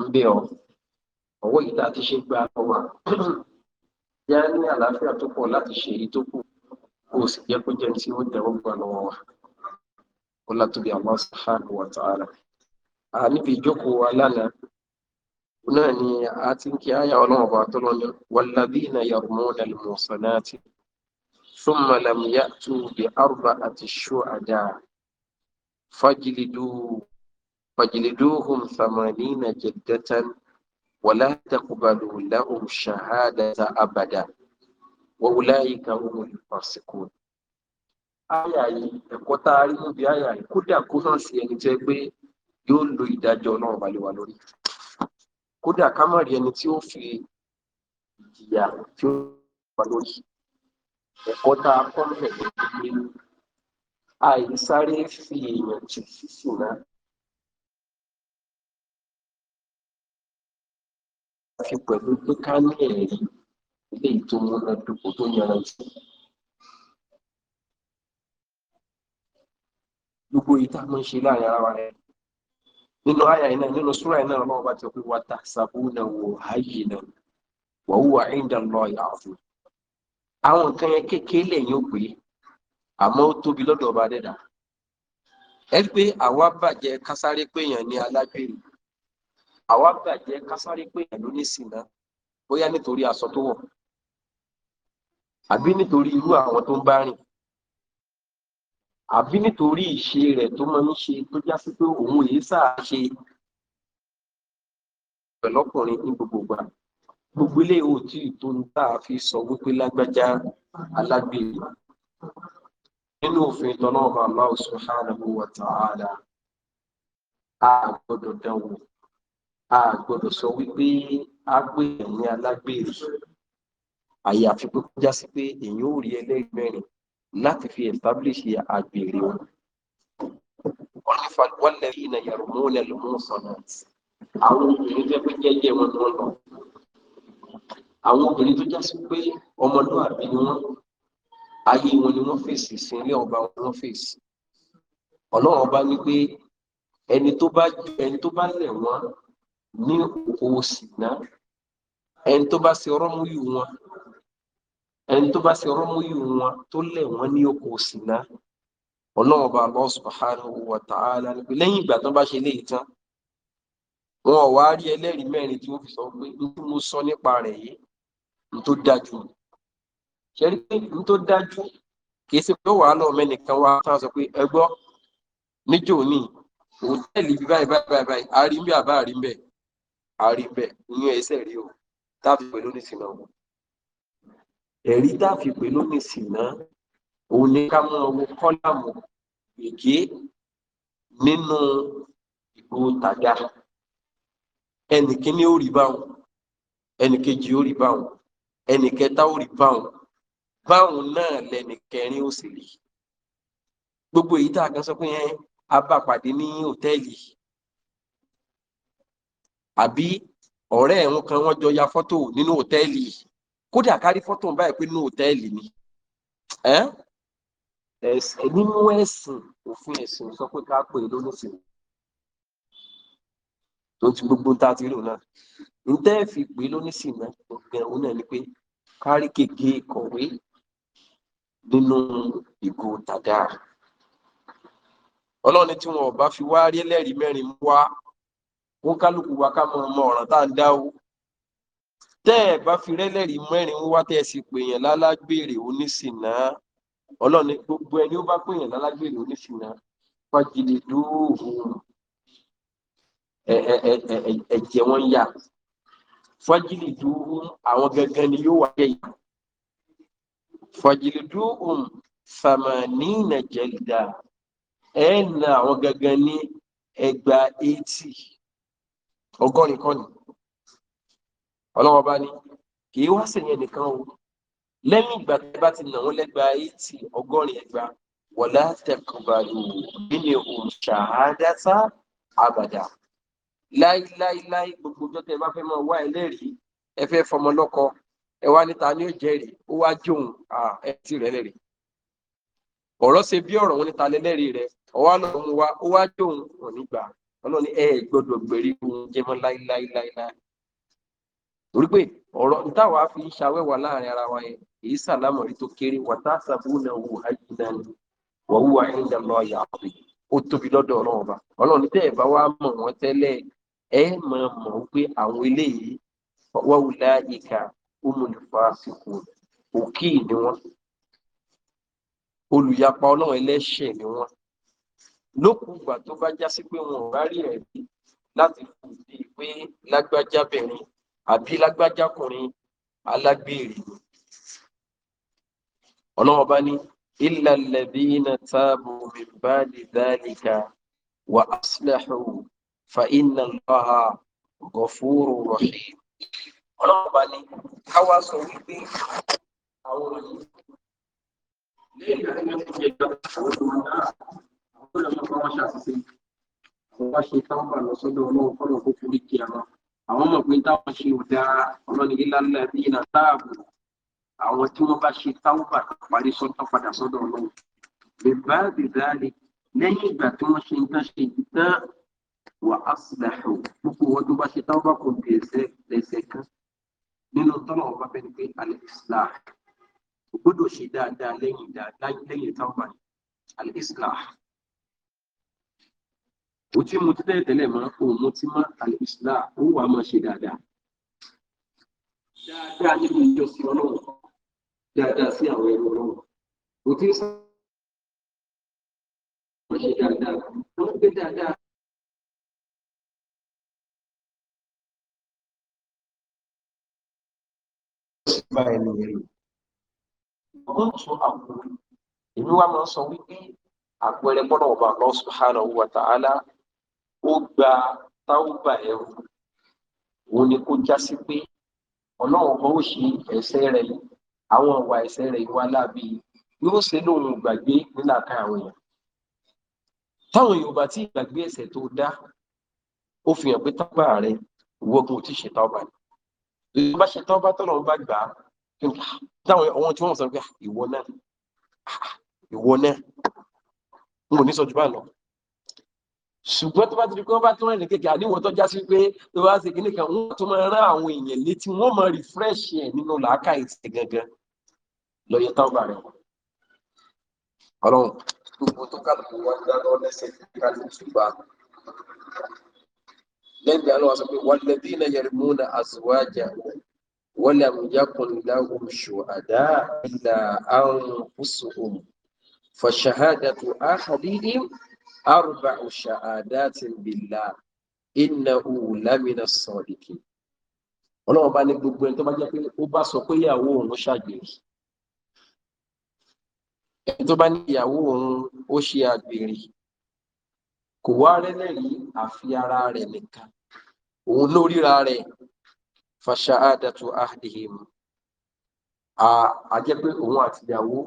ń bẹ ọ ọwọ́ yìí tá a ti ṣe gba ọwà yá ní àlàáfíà tó pọ̀ láti ṣe èyí tó kù kó o sì jẹ́ kó jẹun tí ó tẹ́wọ́ gbà lọ́wọ́ wa ó látòbí Allah subhanahu wa ta'ala níbi ìjókòó alánà náà ni a ti ń kí àyà ọlọ́run ọba tó lọ́nà walladhina yarmuna al-muhsanati thumma lam ya'tu bi arba'ati shuhada fajlidu فاجلدوهم ثمانين جلدة ولا تقبلوا لهم شهادة أبدا وأولئك هم الفاسقون àyà yìí ẹ̀kọ́ tá a rí níbi àyà yìí kódà kó hàn sí ẹni tẹ́ pé yóò lo ìdájọ́ náà balẹ̀ wá lórí kódà ká má rí ẹni tí ó fi ìjìyà tí ó wà lórí ẹ̀kọ́ tá a kọ́ mẹ́rin ní àìsáré fi èèyàn tì sí sí náà àti pẹ̀lú pé ká ní ẹ̀rí eléyìí tó múnádóko tó yanranjú. gbogbo yìí tá a máa ń ṣe láàrin ara wa rẹ nínú àyà iná nínú súrà iná ọlọ́run bá ti pé wa tahsabunahu hayyinan wa huwa 'inda Allahi 'azim àwọn nǹkan yẹn kékeré lẹ́yìn ó pé àmọ́ ó tóbi lọ́dọ̀ ọba dẹ́dà ẹ pé àwa bàjẹ́ kásáré péyàn ní alágbèrè àwa bàjẹ́ kásáré pé ìlú nísìn náà bóyá nítorí aṣọ tó wọ̀ àbí nítorí irú àwọn tó ń bá rìn àbí nítorí ìṣe rẹ̀ tó máa ń ṣe tó já sí pé òun èyí sáà ṣe pẹ̀lọ́kùnrin ní gbogbo ìgbà gbogbo ilé òtí tó ń tà fi sọ wípé lágbájá alágbèrè nínú òfin ìtọ́nà ọba Allah subhanahu wa ta'ala a gbọ́dọ̀ dánwò a gbọ́dọ̀ sọ wípé a pè ní alágbèrè àyàfi pé kó já sí pé èyàn ò rí ẹlẹ́rìí mẹ́rin láti fi establish àgbèrè wọn. wọ́n ní wọ́lẹ̀ iná yàrá mọ́ lẹ́nu mọ́ sọ̀nàtì àwọn obìnrin tó pé jẹ́jẹ́ wọn ni wọ́n lọ. àwọn obìnrin tó já sí pé ọmọlúwàbí ni wọ́n ayé wọn ni wọ́n fèsì sí ilé ọba wọn wọ́n fèsì. ọlọ́run ọba ní pé ẹni tó bá lẹ̀ wọ́n ní owó sìnà ẹni tó bá ṣe ọrọ́múyù wọn ẹni tó bá ṣe ọrọ́múyù wọn tó lẹ̀ wọ́n ní oko sìnà ọlọ́run ọba Allah subhanahu wa ta'ala ni pé lẹ́yìn ìgbà tó bá ṣe léyìí tán wọn ò wá rí ẹlẹ́rìí mẹ́rin tí wọ́n fi sọ pé n tí mo sọ nípa rẹ̀ yìí n tó dájú ṣẹ́rí pé n tó dájú kì í ṣe pé wàá lọ mẹ́nìkan wá tán sọ pé ẹ gbọ́ níjò ní òtẹ́ẹ̀lì bíi báyìí báyìí báyìí a ń bẹ́ẹ̀ àbá rí ń bẹ́ẹ̀ àárí bẹ́ẹ̀ ìyẹn ẹsẹ̀ rí o táàfì pẹ̀lú nìsíná o ẹ̀rí táàfì pẹ̀lú nìsíná òun ní ká mú owó kọ́lámù èké nínú ìbò tàga ẹnì kíní ó rí báwọn ẹnì kejì ó rí báwọn ẹnì ó rí báwọn báwọn náà lẹnì ó sì rí gbogbo èyí tá a kan sọ pé yẹn a bá pàdé ní hòtẹ́ẹ̀lì yìí àbí ọ̀rẹ́ ẹ̀ kan wọ́n jọ ya fọ́tò nínú hòtẹ́ẹ̀lì kódà kárí fọ́tò báyìí pé nínú hòtẹ́ẹ̀lì ni nínú ẹ̀sìn òfin ẹ̀sìn sọ pé ká pè é lónìsìn tó ti gbogbo ń ta ti rò náà ń tẹ́ fi pè é lónìsìn náà gbọ̀ngàn òun náà ni pé kárí gègé kọ̀wé nínú ìgò tàgà ọlọ́run tí wọn ò bá fi wá rí ẹlẹ́rìí mẹ́rin wá wọ́n kálukú wa ká mọ ọmọ ọ̀ràn tá à ń dá o tẹ́ ẹ̀ bá fi rẹ́lẹ́rìí mẹ́rin wá tẹ́ ẹ sì pèèyàn lálágbèrè oníṣìnà ọlọ́run ní gbogbo ẹni ó bá pèèyàn lálágbèrè oníṣìnà fagilé dúró ẹ̀jẹ̀ wọn yà fagilé dúró àwọn gangan ni yóò wáyé yìí fagilé dúró sàmánì nàìjẹ̀lìdà ẹ̀ na àwọn gangan ní ẹgbàá eighty ọgọ́rin kọ́ ni ọlọ́wọ́n bá ní kì í wá sèyẹn nìkan o lẹ́yìn ìgbà tí bá ti nà wọ́n lẹ́gba eighty ọgọ́rin ẹgbàá wọ̀lá tẹ̀kọ̀bàlù nínú òṣàádásá àbàdà láíláíláí gbogbo ọjọ́ tẹ́ ẹ bá fẹ́ mọ wá ẹlẹ́rìí ẹ fẹ́ fọmọ lọ́kọ ẹ wá níta ni ó jẹ́rìí ó wá jóun ẹ ti rẹ̀ lẹ́rìí ọ̀rọ̀ ṣe bí ọ̀rọ̀ wọn níta lẹ́lẹ́rìí rẹ̀ ọ̀wá lọ́ọ́ mu wá ó wá jóun ò ọlọ́ni ẹ gbọ́dọ̀ gbèrí ohun jẹmọ́ láíláíláíláí torí pé ọ̀rọ̀ táwa fi ń ṣàwẹ́wà láàrin ara wa yẹn èyí sàlámọ̀rí tó kéré wàtá sàbúnà wò ájúná wàhùwà ẹ̀ńdà lọ yà á pè ó tóbi lọ́dọ̀ ọ̀rọ̀ ọba ọlọ́ni tẹ́ ẹ̀ bá mọ̀ wọ́n tẹ́lẹ̀ mọ̀ mọ̀ pé àwọn eléyìí ni wọ́n lókùn ìgbà tó bá já sí pé wọn ò rárí ẹ̀rí láti fi ìdí pé lágbájábìnrin àbí lágbájákùnrin alágbèrè ọlọ́wọ́n bá ní illa alladhina tabu min ba'di dhalika wa aslahu fa inna Allaha ghafurur rahim ọlọ́wọ́n bá ní káwá sọ wípé àwọn òyìnbó lẹ́yìn àti ẹgbẹ́ ìjọba àwọn òyìnbó náà lọ sọ pé wọ́n ṣàṣìṣe àwọn wá ṣe táwọn bá lọ sọ́dọ̀ ọlọ́run kọ́nà kó forí kí àwọn àwọn mọ̀ pé táwọn ṣe ò dáa ọlọ́ni lílá ńlá bí iná táàbù àwọn tí wọ́n bá ṣe táwọn bá parí sọ́tọ̀ padà sọ́dọ̀ ọlọ́run lè bá bìbáàlì lẹ́yìn ìgbà tí wọ́n ṣe nǹkan ṣe ìtàn wà á sì dàhùn gbogbo wọn tó bá ṣe táwọn bá kò bẹ̀ẹ̀sẹ̀ lẹ́sẹ̀ kan nínú tọ́lọ̀ ọba bẹ́ni pé alẹ́sìlá gbọ́dọ̀ ṣe dáadáa lẹ́yìn dáadáa lẹ́yìn táwọn bá alẹ́sìlá ó ti mu tí tẹ́lẹ̀tẹ́lẹ̀ máa kó mu tí má àlùsílà ó wà máa ṣe dáadáa dáadáa nínú ìjọsìn ọlọ́run dáadáa sí àwọn ẹrú ọlọ́run ó ti ń sọ wọ́n ṣe dáadáa wọ́n gbé dáadáa. Ọgbọ́n tún àpò ìlú wa máa ń sọ wípé àpẹẹrẹ gbọ́dọ̀ wà lọ́sùn hánà wà tààlà ó gba táwùbà ẹrú òun ni kó já sí pé ọlọ́run kan ó ṣe ẹ̀ṣẹ̀ rẹ̀ àwọn ìwà ẹ̀ṣẹ̀ rẹ̀ ìwà láàbí yóò ṣe lóun gbàgbé nílà kan àwọn èèyàn táwọn yorùbá tí ìgbàgbé ẹ̀ṣẹ̀ tó dá ó fi hàn pé tábà rẹ ìwọ́gun ò ṣe tábà ni ìwọ́n bá ṣe tábà tọ́lọ́ bá gbà á táwọn ọ̀wọ́n tí wọ́n sọ pé ah, ìwọ náà ah, ìwọ náà n kò ní sọ jù bá lọ ṣùgbọ́n tó bá ti di kó bá tó rìn kékeré àdéhùn tó já sí pé tó bá ṣe kíní kan wọ́n tó máa rán àwọn èèyàn létí wọ́n máa rìfírẹ́ṣì ẹ̀ nínú làákà ìṣe gangan lọ́yẹ táwọn bá rẹ̀ wọ́n. ọlọ́run gbogbo tó kálukú wá dáná lẹ́sẹ̀ kálukú ṣùgbọ́n lẹ́yìn àná wa sọ pé wọ́n lẹ́bí iná yẹrì múna àṣìwájà wọ́n lè àmúyákùn láwùm أربع شهادات بالله إنه لمن الصادقين ọlọ́run bá ní gbogbo ẹni tó bá jẹ́ pé ó bá sọ pé ìyàwó òun ṣàgbèrè ẹni tó bá ní ìyàwó òun ó ṣe àgbèrè kò wá rẹ́lẹ́rìí àfi ara rẹ̀ nìkan òun ló ríra rẹ̀ fàṣà àdàtú àdìhìm a jẹ́ pé òun àti ìyàwó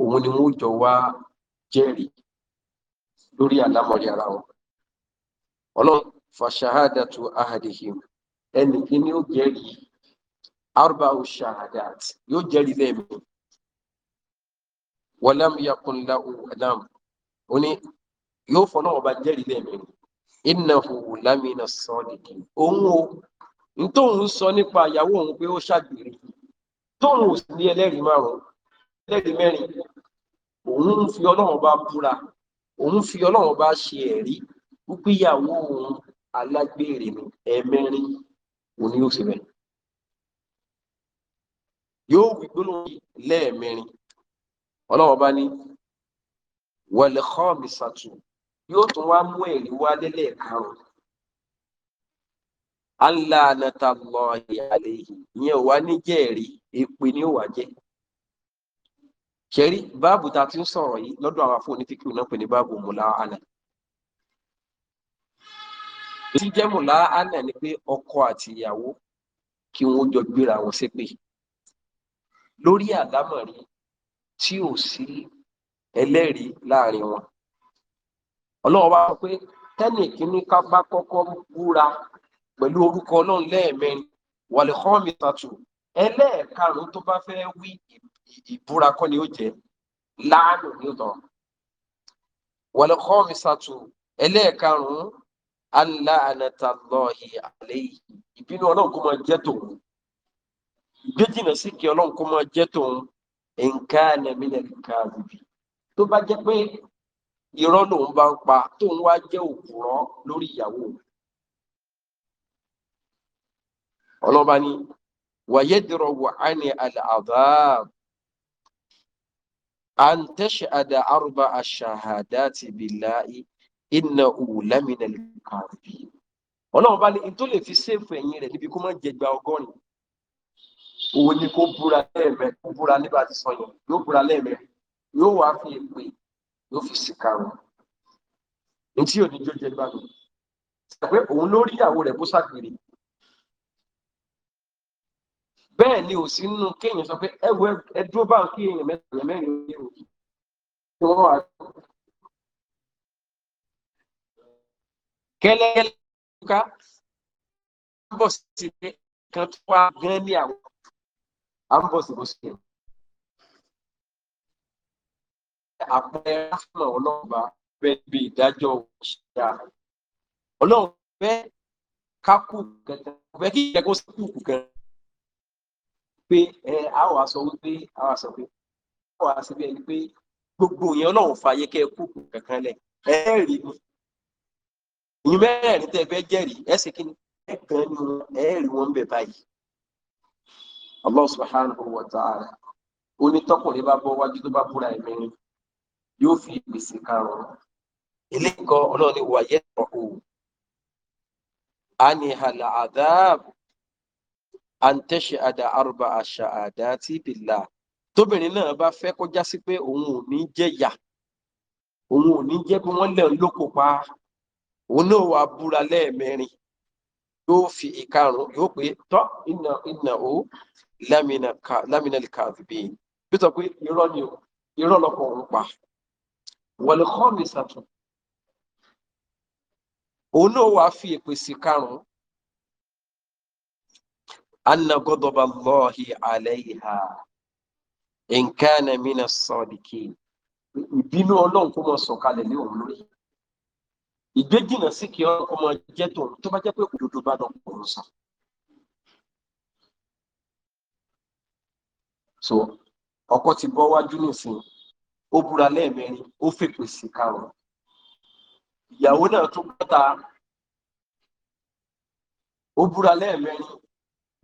òun ni wọ́n jọ wá jẹ́rìí lórí àlámọ̀rí ara wọn ọlọ́run fàṣàhádàtú ahadihim ẹnì kíní ó jẹ́rìí arba ṣahadat yóò jẹ́rìí lẹ́ẹ̀mí wọlám yakunla wọlám ó ní yóò fọnà ọba jẹ́rìí lẹ́ẹ̀mí innahu lamina sọ́ọ̀dìkì òun o n sọ nípa ìyàwó òun pé ó ṣàgbèrè tóun ò sí ní ẹlẹ́rìí márùn-ún ẹlẹ́rìí mẹ́rin òun ń òun fi ọlọ́run bá ṣe ẹ̀rí wípé ìyàwó òun alágbèrè ni ẹ̀ẹ̀mẹ́rin òun yóò ṣe bẹ́ẹ̀ yóò wí gbólóhùn lẹ́ẹ̀mẹ́rin ọlọ́run bá ní wọlé kọ́ọ̀mì sàtù yóò tún wá mú ẹ̀rí wá lélẹ̀ karùn-ún alá anata lọ ìyàlẹ́ yìí wá ní jẹ́ẹ̀rí èpè ni ó wà jẹ́ ṣẹ́rí báàbù ta tí ó sọ̀rọ̀ yìí lọ́dọ̀ àwọn afọ́ onífíkì náà pè ní báàbù mùlá èyí jẹ́ mùlá ni pé ọkọ àti ìyàwó kí wọ́n jọ gbéra wọn ṣépè lórí àdámọ̀rí tí ò sí ẹlẹ́rìí láàrin wọn. ọlọ́run wá sọ pé tẹ́nì kínní ká bá kọ́kọ́ búra pẹ̀lú orúkọ ọlọ́run lẹ́ẹ̀mẹrin wàlẹ̀ kọ́ọ̀mì tàtù ẹlẹ́ẹ̀karùn-ún tó bá fẹ́ wí ìbúra kọ́ ni ó jẹ́ láàánú ní ọ̀tọ̀. wal khamisatu ẹlẹ́ẹ̀karùn-ún anla anatallahi alayhi ìbínú ọlọ́run kó máa jẹ́ tòun gbẹ́jìnà sí kí ọlọ́run kó máa jẹ́ tòun nǹkan nàmínà nǹkan àbùbí tó bá jẹ́ pé irọ́ lòun bá ń pa tóun wá jẹ́ òkúrọ́ lórí ìyàwó rẹ̀. ọlọ́ba ni wàyẹ́dìrọ̀ wà á ní àlàáfáà an tashhada arba'a shahadati بالله innahu laminal kadhibin ọlọ́run bá ní tó lè fi séèfù ẹ̀yìn rẹ̀ níbi kó má jẹgba ọgọ́rin òun ni kó búra lẹ́ẹ̀mẹ́ kó búra nígbà tí sọ yẹn yóò búra lẹ́ẹ̀mẹ́ yóò wá fi èpè yóò fi sìkà wọn òní jó jẹgba lọ sọ òun ló ìyàwó rẹ̀ bó ṣàgbèrè bẹ́ẹ̀ ni ò sí nínú kéèyàn sọ pé ẹ wo ẹ dúró báwọn kí èèyàn mẹ́ta èèyàn mẹ́rin ní o kí wọ́n wà. kẹ́lẹ́kẹ́lẹ́ ká bọ̀ sí ilé kan tó wá gan ní àwọn àbọ̀sibọ̀sì àpẹẹrẹ fún ọlọ́ọ̀bá bẹ́ẹ̀ bí ìdájọ́ òṣìṣẹ́ ọlọ́run fẹ́ ká kú kẹta fẹ́ kí ìjẹ́kọ́ sí kú kẹta. pé ẹ á wàá sọ wípé á wàá sọ pé á gbogbo yẹn ọlọ́run fààyè kẹ́ ẹ kú kankan lẹ̀ ẹ rí mi ìyún tẹ́ ẹ fẹ́ jẹ́rìí ẹ sì kí ni ẹ gan ni ẹ rí wọn bẹ̀ báyìí Allah subhanahu wa ta'ala onítọ́kùnrin bá bọ́ wájú tó bá búra ẹ̀mí yóò fi gbèsè karùn-ún eléyìí kan ọlọ́run ni wàyẹ̀ ọ̀hún àdáàbò. àǹtẹ̀ṣe Ada àrùbá àṣà àdá tí bìlà tóbìnrin náà bá fẹ́ kó já sí pé òun ò ní jẹ̀yà òun ò ní jẹ́ pé wọ́n lẹ̀ ń lóko pa òun náà wàá búra lẹ́ẹ̀mẹrin yóò fi ìkarùn yóò pé tọ́ iná iná o lámìnà kàdùbí bí pé irọ́ ni irọ́ lọ́kọ̀ òun pa wọ̀lẹ́kọ́ mi sàtún òun náà wàá fi èpè karùn-ún. anna ghadaba Allahi alayha in kana mina sadiqin ìbínú ọlọ́run kó mọ sọ̀kalẹ̀ ní òun lórí ìgbéjìnà sí kí ọkọ mọ jẹ́ tòun tó bá jẹ́ pé òdodo bá dán so ọkọ ti bọwa wájú nìsín ó búra ó fèpè sí ìyàwó náà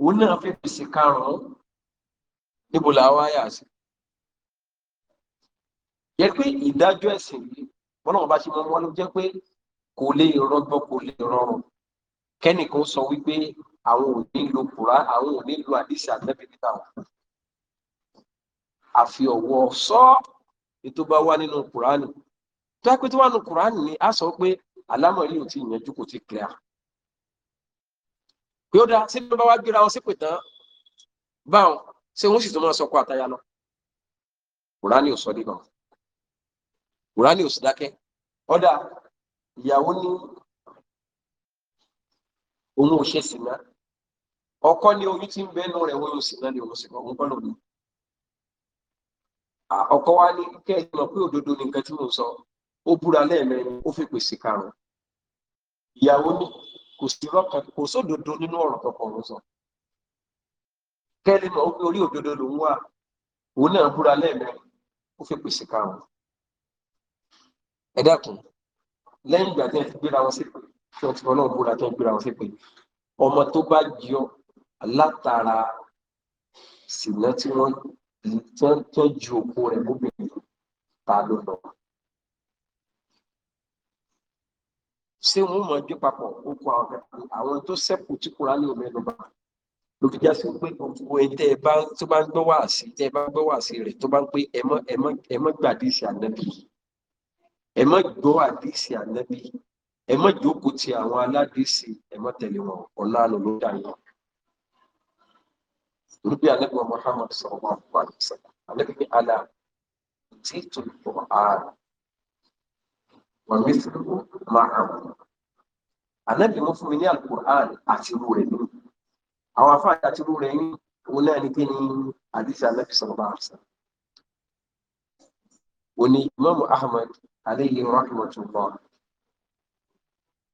òun náà fi pèsè karùn-ún níbo làwọn àyà sí. yẹ pé ìdájọ́ ẹ̀sìn yìí wọn náà bá ṣe mọ wọn ló jẹ́ pé kò lè rọgbọ kò lè rọrùn kẹ́nìkan sọ wípé àwọn ò ní lo kura àwọn ò ní lo àdìsí ànábì nígbà wọn. àfi ọ̀wọ́ sọ ètò bá wà nínú kùránì tó yẹ pé tó wà nínú kùránì ni a sọ pé àlámọ̀ yìí ò tí ì yanjú kò tí ì pé ó dá sí ló bá wá gbéra wọn sípè tán báwọn ṣé wọn sì tún máa sọkọ àtayá lọ kùránì ò sọ dé báwọn kùránì ò sì dákẹ́ ọdà ìyàwó ọkọ ní oyún tí ń bẹnu rẹ̀ wọn ò sìnà ní òun òun kọ ọkọ ni nǹkan tí sọ ó búra ó fi kò sí rọ́kàn kò sódodo nínú ọ̀rọ̀ kọ̀ọ̀kan sọ kẹ́lí mọ̀ ó pé orí òdodo lòún wà òun náà búra lẹ́ẹ̀mẹ́rin ó fi pèsè karùn-ún ẹ dákun lẹ́yìn ìgbà tí wọ́n ti gbéra wọn sípè tí wọ́n ti fọ́n náà búra tí wọ́n gbéra wọn sípè ọmọ tó bá jọ látara sìnà tí wọ́n ju òkú rẹ̀ gómìnà ta ló lọ. ṣé wọn mọ̀ gbé papọ̀ oko àwọn kẹta àwọn tó sẹ́kù tí Kùránì ò mẹ́nu bá ló fi já sí pé gbogbo ẹ tẹ ẹ bá tó bá ń gbọ́ wá sí tẹ ẹ bá gbọ́ wá sí rẹ̀ tó bá ń pé ẹ mọ́ ẹ mọ́ ẹ mọ́ gbàdísì ànábì ẹ mọ́ gbọ́ àdísì ànábì ẹ mọ́ jókòó ti àwọn aládìsí ẹ mọ́ tẹ̀lé wọn ọ̀la àná ló dà yín. Rúbí Ànábì Muhammad sallallahu alaihi wasallam Ànábì ní àlà tí tòlùkọ̀ ààrùn. ومثله معه ànábì wọn fún mi ní alukur'an àti irú rẹ̀ ní àwọn afáàyè àti irú rẹ̀ ní òun náà ní kíni àdìsí ànábì sọ̀rọ̀ bá àṣà òní imaamu ahmed aleyhi rahmatullah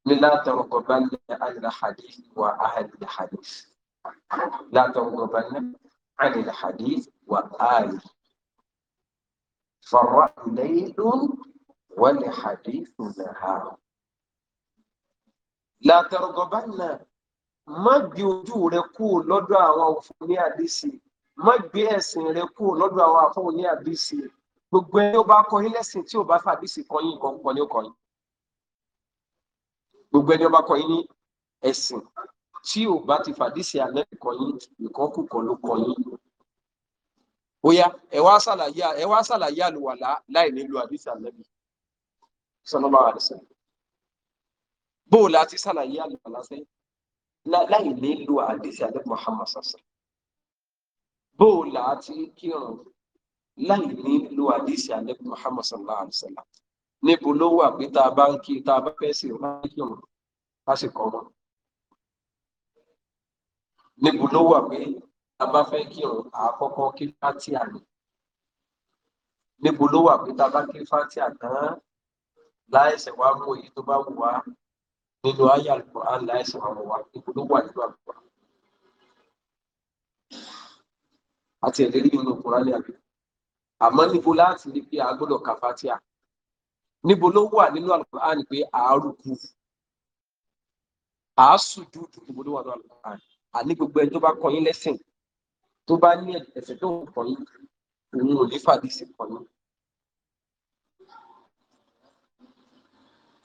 ní látàrọ gọbánlẹ alẹ hadith wa ahàlẹ hadith látàrọ gọbánlẹ alẹ hadith wa ahàlẹ fọrọ lẹyìn lónìí. والحديث نهار لا ترغبن ما gbé ojú rẹ أو lọ́dọ̀ àwọn ما ní àdìsí má أو ẹ̀sìn rẹ kú lọ́dọ̀ àwọn àfọwọ́ ní àdìsí كوني كوني كوني bá kọ yín lẹ́sìn tí ò bá fàdìsí kọ yín nǹkan kan ní ó kọ yín gbogbo ẹni ó bá kọ yín ní ẹ̀sìn tí ò bá ti fàdìsí alẹ́ kọ nǹkan kù kan ló kọ yín ẹ wá ṣàlàyé ẹ wá ṣàlàyé àlùwàlá láì nílò àdìsí alẹ́ mi sọlọ́mọ àdìsẹ́ bóòlù àti sàlàyé àlùfàlà sẹ́yìn láì nílò àdìsẹ́ àdìsẹ́ Muhammad sàṣẹ bóòlù àti kírun láì nílò àdìsẹ́ àdìsẹ́ Muhammad sallallahu alaihi wasallam níbo ló wà pé tá a bá ń kí tá a bá fẹ́ sí ọ̀rọ̀ láì kírun lásìkò ọmọ níbo ló wà pé tá a bá fẹ́ kírun àkọ́kọ́ kí fátíà ni níbo ló wà pé tá a bá kí fátíà tán láìsẹ̀ wá mú èyí tó bá wù wá nínú ayé Al-Qur'an láìsẹ̀ wá mú wá ipò ló wà nínú àgbà àti ẹ̀lérí nínú Kùránì àbí àmọ́ níbo láti rí pé a gbọ́dọ̀ kà Fátíà níbo ló wà nínú Al-Qur'an pé àárùkù àásùjúdù níbo ló wà nínú Al-Qur'an àní gbogbo ẹni tó bá kọ́ yín tó bá ní ẹ̀sẹ̀ tó ń kọ́ òun ò ní fàdí sí kọ́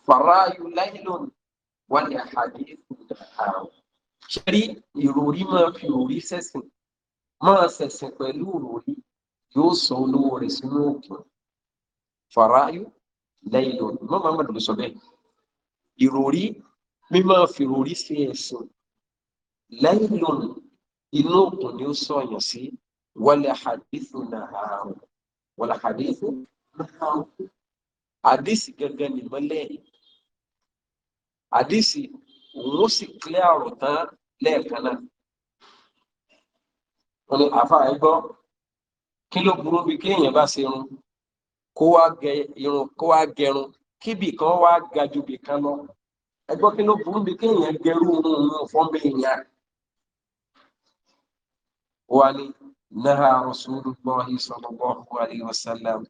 fàráyù láìlòn wà ní àhàdé ìfòyàwó ṣẹ́rí ìròrí máa fi òrí sẹ́sìn máa sẹ̀sìn pẹ̀lú òròrí yóò sọ olówó rẹ̀ sínú òkun fàráyù láìlòn mọ́ máa mọ̀lẹ́ sọ bẹ́ẹ̀ ìròrí mímọ́ fi òrí sí ẹ̀sìn láìlòn inú òkun ni ó sọ̀yàn sí wàlẹ̀ àhàdífò nàhàrùn wàlẹ̀ àhàdífò nàhàrùn àdìsí gẹ́gẹ́ nìmọ́lẹ̀ yìí. àdìsí òun ó ọrụ clé àrùn tán lẹ́ẹ̀kan náà wọn kí ló burú bí kéèyàn bá ṣe irun kó wá gẹ irun kan wá ga ju bì kan kí ló burú bí kéèyàn gẹrú irun òun fọ́nbẹ́ èèyàn wa ni naha sallallahu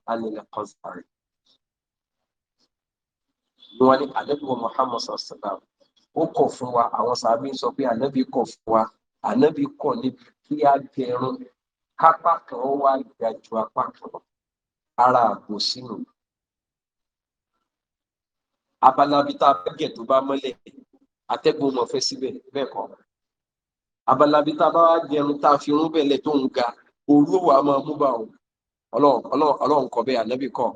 alaihi ni wọ́n ní ànábì wa Muhammad sallam ó kọ̀ fún wa àwọn sàbí sọ pé ànábì kọ̀ fún wa ànábì kọ̀ níbi kí á gẹrun kápá kan ó wá ga ju apá kan ara àgbò sínú abala bíi tá a fẹ́ gẹ̀ tó bá mọ́lẹ̀ atẹ́gùn mọ̀ fẹ́ síbẹ̀ bẹ́ẹ̀ kọ́ abala bíi tá a bá gẹrun tá a fi irun tó ń ga òru òwò a máa mú ọlọ́run kọ bẹ́ẹ̀ ànábì kọ̀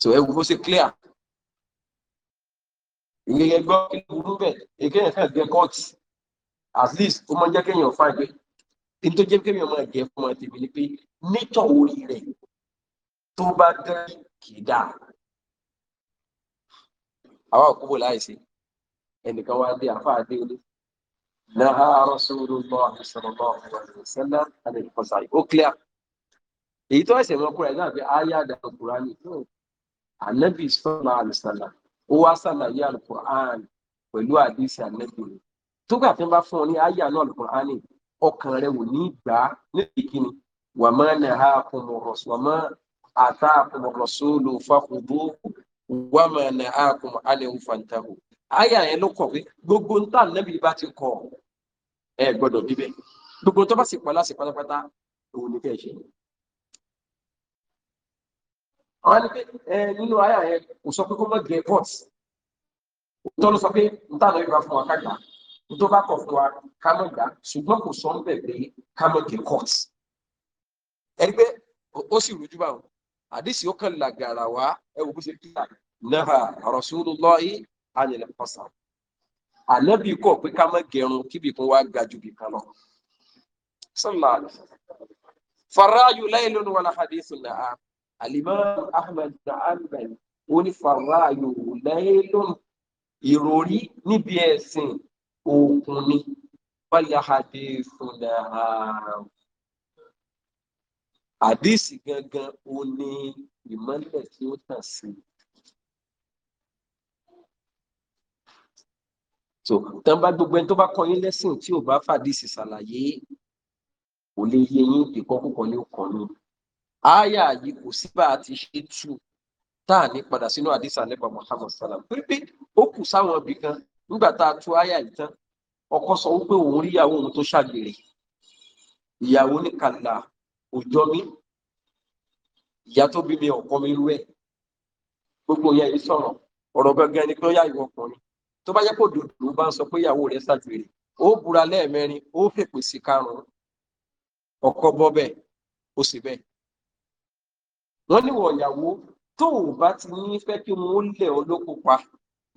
so ẹ wo bó ṣe clear ìrìnlẹ̀ gbọ́ kí ló burú bẹ̀ èkéyàn fẹ́ gẹ kọ́ọ̀tì at least ó máa ń jẹ́ kéèyàn fà gbé ní tó jẹ́ kéèyàn máa jẹ fún ọmọ tèmi ni pé nature orí rẹ̀ tó bá dẹ́ kì í dáa àwa òkú bò láì sí ẹnìkan wá dé àfa àdé olú náà Rasulullah sallallahu alaihi wasallam àti ìkọsà ó clear èyí tó ẹsẹ̀ mọ́kúrẹ́ náà fi ayé àdàkọ̀ kúránì tó anabi sọlá àlùsàlà ó wá sàlàyé alukur'an pẹ̀lú àdìsí anabi rẹ̀ tó gbà tí wọ́n bá fún ọ ní ayé àná alukur'an ọkàn rẹ̀ wò ní ìgbà níbi kíni wà má nà ha kùmọ̀rọ̀s wà má àtà kùmọ̀rọ̀sọ́lù fàkùdù wà má nà ha kùmọ̀ alẹ́ òfàǹtàhù ayé àyẹn ló kọ̀ pé gbogbo ntà anabi bá ti kọ̀ ẹ gbọ́dọ̀ bíbẹ̀ gbogbo tó bá sì pọ̀ láti pátápátá òun ni kẹ́ ẹ ṣe àwọn ẹni pé ẹ nínú àyà yẹn kò sọ pé kó mọ gẹ port òótọ́ ló sọ pé n tà lọ ìgbà fún wa ká gbà n tó bá kọ̀ fún wa ká mọ̀ gbà ṣùgbọ́n kò sọ ń bẹ̀ pé ká mọ̀ gẹ port ẹni pé ó sì rújú báwọn àdìsí ó kàn làgàrà wá ẹ wò bó ṣe kí náà Rasulullahi anil qasam ànábì kọ̀ pé ká má gẹrun kíbi kan wá ga ju bìkan lọ. sọ́lá faraayu laylun wala hadithun náà alimami ahmed ahmed onífàwọ́ ayò lẹ́yìnlọ́n ìròrí níbi ẹ̀sìn òkun ni wàlẹ̀ àdéhùn náà àdéhùn gangan ó ní ìmọ́lẹ̀ tí ó tàn sí. so tán bá gbogbo ẹni tó bá kọ́ yín lẹ́sìn tí ò bá fàdí sí ṣàlàyé kò lè yé yín ìkọkúkọ ní òkànnì. Aya yìí kò sí bá a ti ṣe tú tá à ní padà sínú àdìsá nípa Muhammad salam torí pé ó kù sáwọn ibì kan nígbà tá a tú àyà yìí tán ọkọ sọ wípé òun rí ìyàwó òun tó ṣàgbèrè ìyàwó ní kàlà òjọ mi ìyá tó bí mi ọkọ mi rú ẹ gbogbo yẹn yìí sọ̀rọ̀ ọ̀rọ̀ gangan ni pé ó yá ìwọ ọkùnrin tó bá yẹ kó dòdò bá ń sọ pé ìyàwó rẹ̀ ṣàgbèrè ó búra lẹ́ẹ̀mẹrin ó fèpè sí karùnún ọkọ bọ bẹ́ẹ̀ ó sì bẹ́ẹ̀ wọ́n ní wọ̀ ìyàwó tó o bá ti ní fẹ́ kí wọn ó lẹ̀ ọ́ lóko pa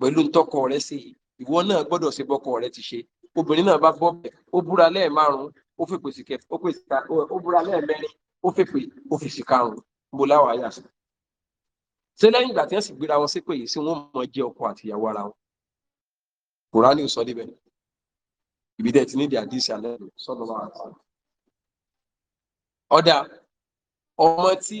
pẹ̀lú tọkọ rẹ sí ìwọ náà gbọ́dọ̀ ṣe bọ́kọ rẹ ti ṣe obìnrin náà bá bọ́ bẹ̀ ó búra lẹ́ẹ̀márùn-ún ó fèpè sí kẹfì ó pèsè ká ó búra lẹ́ẹ̀mẹ́rin ó fèpè ó fi sí karùn mo láwàá yà sí. ṣé lẹ́yìn ìgbà tí wọ́n sì gbéra wọn sí pé yìí sí wọ́n mọ̀ jẹ́ ọkọ àtìyàwó ara wọn kùránì sọ níbẹ̀ ibi dẹ̀ ti ní ìdí àdìsí alẹ́ sọ́dọ̀ wa. ọ̀dà ọmọ tí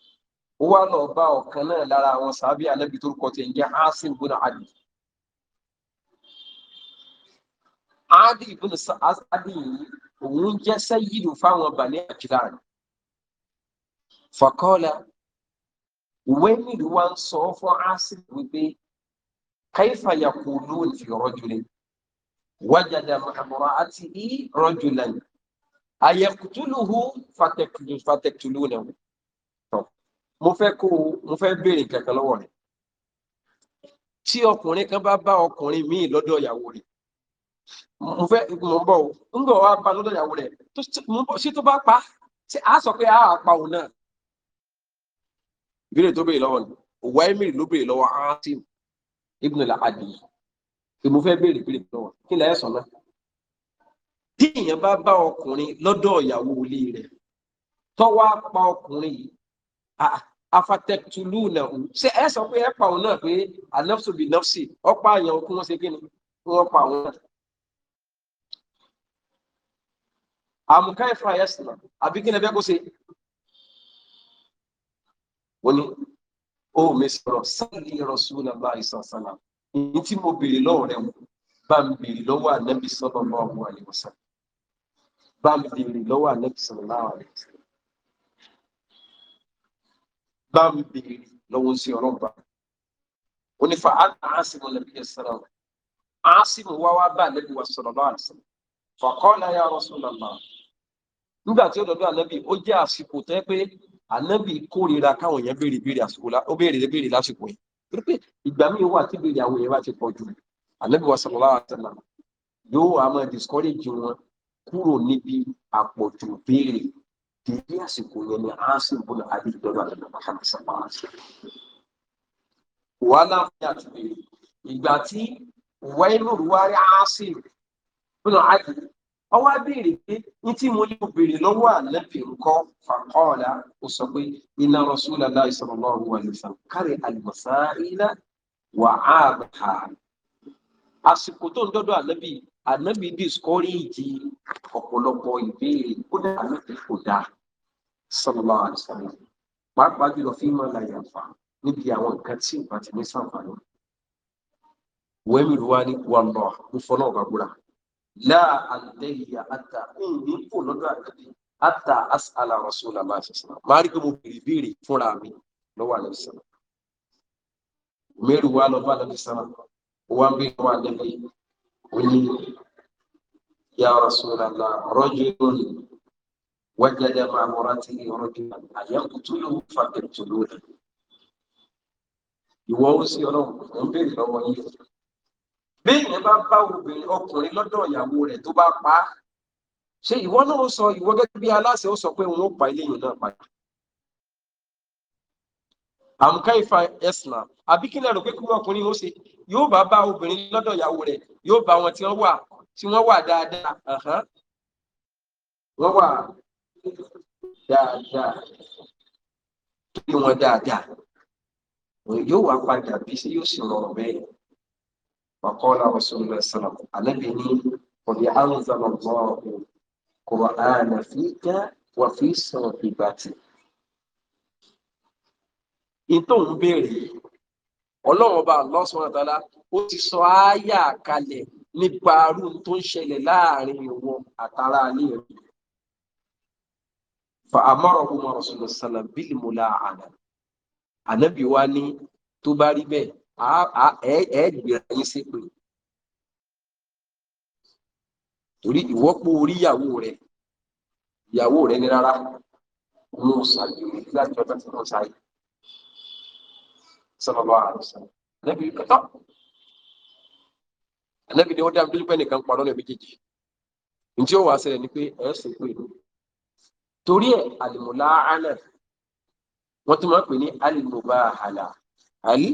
ó wá lọ bá ọ̀kan náà lára àwọn sàábì ànábì tó kọ tí ń jẹ́ áásì ìbúnà àdì áádì ìbúnà àdì yìí òun jẹ́ sẹ́yìdù fáwọn bàní àjìláàni fàkọ́lá wẹ́nìlú wa ń sọ fún áásì wípé kaifa yaqulun fi rajulin wajada ma'amra'atihi rajulan ayaqtuluhu fataktulunahu mo fẹ́ kó mo fẹ́ béèrè kankan lọ́wọ́ rẹ̀ tí ọkùnrin kan bá bá ọkùnrin míì lọ́dọ̀ ìyàwó rẹ̀ mo fẹ́ mo ń bọ̀ o ń bọ̀ wá bá lọ́dọ̀ ìyàwó rẹ̀ mo ń bọ̀ sí tó bá pa ṣé a sọ pé a pa òun náà ìbéèrè tó béèrè lọ́wọ́ ni òwá emir ló béèrè lọ́wọ́ asim ibn al-adi mo fẹ́ béèrè béèrè lọ́wọ́ kí lẹ́yìn sọ náà tí èèyàn bá bá ọkùnrin lọ́dọ̀ ìyàwó ilé rẹ̀ tọ́wọ́ pa ọkùnrin yìí afatẹtulù nàhù ṣé ẹ sọ pé ẹ pa òun náà pé anọfṣubi nọfṣi ọpa àyàn kí wọn ṣe kí ni kí wọn pa òun náà. àmùká ẹ̀fọ́ àyẹ̀sìnà àbí kí ni ẹbẹ́ kó ṣe. wọ́n ní ó mi sọ̀rọ̀ sáàlì rọ̀ṣúlà bá ìsọ̀sánà ní tí mo béèrè lọ́wọ́ rẹ̀ wò bá ń béèrè lọ́wọ́ ànábì sọ́bọ̀ bá ọmọ àlè wọ̀sán bá ń béèrè lọ́wọ́ ànábì sọ̀rọ̀ láwọn àlè wọ̀sán bá ń bèrè lọ́wọ́ sí ọlọ́ba ó ní fa àásìmù lẹ́bí yẹn sọ̀rọ̀ àásìmù wá wá bá lẹ́bí wa sọ̀rọ̀ lọ́wọ́ àìsàn fọ̀kọ́ náà yà rọ́ṣùn lọ́la nígbà tí ó dọ̀dọ̀ ànábì ó jẹ́ àsìkò tẹ́ pé ànábì kórìíra káwọn èèyàn béèrè béèrè àsìkò ó béèrè béèrè lásìkò yẹn torí pé ìgbà míì wà tí béèrè àwọn èèyàn bá ti pọ̀ jù ànábì wa sọ̀rọ̀ lọ́wọ́ àìsàn yóò àmọ́ discourage wọn kúrò níbi àpọ̀jù béèrè kìí àsìkò yẹn ni ansi bolo adi dọdọ àti muhammed sallallahu alaihi wa sallam. wàhálà fi àtúnyẹ ìgbà tí wẹ́ẹ́lú wárí ansi bolo adi ọwọ́ abéèrè pé ní tí mo yóò béèrè lọ́wọ́ àlẹ́pì ńkọ́ fàkọ́ọ̀lá ó sọ pé iná rọ́ṣúlá láì sọ̀rọ̀ lọ́wọ́ wà ní sàn kárí àlùmọ̀sá ilá wà á bàtà. àsìkò tó ń dọ́dọ̀ àlẹ́bí yìí ànábì discourage ọ̀pọ̀lọpọ̀ ìbéèrè kódà ànábì kò dáa sọlọ́lá àdìsọ́lá pàápàá jùlọ fí máa la yànfà níbi àwọn nǹkan tí nǹkan ti ní sàǹfààní. wẹ́mìlú wa ní wàlúwà ń fọ́nà ọ̀gá gbúra láà àǹtẹ̀yà àtà ń ní kò lọ́dọ̀ ànábì àtà àsàlà rọ̀ṣọ́lá máa ṣe sọ̀rọ̀ máa rí pé mo béèrè ìbéèrè fúnra mi lọ́wọ́ àlẹ́ sọ̀rọ̀ mẹ́rù wa lọ bá àlẹ́ sọ̀rọ̀ wọ́n bí wọ́n àlẹ́ وني يا رسول الله رجل وجد مع امرأته رجلا أيقتله فاقتلوه ìwọ ó sí ọlọ́run kò ń béèrè lọ́wọ́ yìí bí èèyàn bá bá obìnrin ọkùnrin lọ́dọ̀ ìyàwó rẹ̀ tó bá pa á ṣe ìwọ náà sọ ìwọ gẹ́gẹ́ bí aláṣẹ ó sọ pé òun ó pa ilé yìí náà padà. àmúkáìfà ẹ̀sìn náà àbí kí lẹ́rù pé kí wọ́n ọkùnrin ó ṣe yóò bá bá obìnrin lọ́dọ̀ ìyàwó rẹ̀ yóò bá wọn tí wọ́n wà tí wọ́n wà dáadáa wọ́n wà dáadáa kí wọ́n dáadáa yóò wá padà bí sí yóò sì rọrùn bẹ́ẹ̀ wàkọ́lá rasulillah sallam alábi ní ọ̀dẹ̀ anzal allah qur'ana fika wa fi sọ̀rọ̀ ìbàtì. ìtòun béèrè yìí ọlọ́run ọba Allah subhanahu wa ta'ala ó ti sọ ááyà kalẹ̀ nípa arú tó ń ṣẹlẹ̀ láàrin ìwọ àtàrà ní ẹ̀rọ. fa amọ́rọ̀ ọmọ rọ̀ṣùlọ̀ sàlám bílí mo la àná ànábì wa ní tó bá rí bẹ́ẹ̀ ẹ gbéra yín ṣépè torí ìwọ́pọ̀ orí ìyàwó rẹ̀ ìyàwó rẹ̀ ní rárá mo ṣàgbéwò láti ọjọ́ tí mo ṣàyẹ̀ sallallahu alaihi wasallam ànábì yìí kọ́tọ́ ànábì ni ó dá mi lójú pé nìkan parọ́ ní méjèèjì ntí ó wàá ṣẹlẹ̀ ni pé ẹ̀ sìn pé torí ẹ̀ àlìmọ̀lá ànà wọ́n tún máa ń pè ní alimobahala ali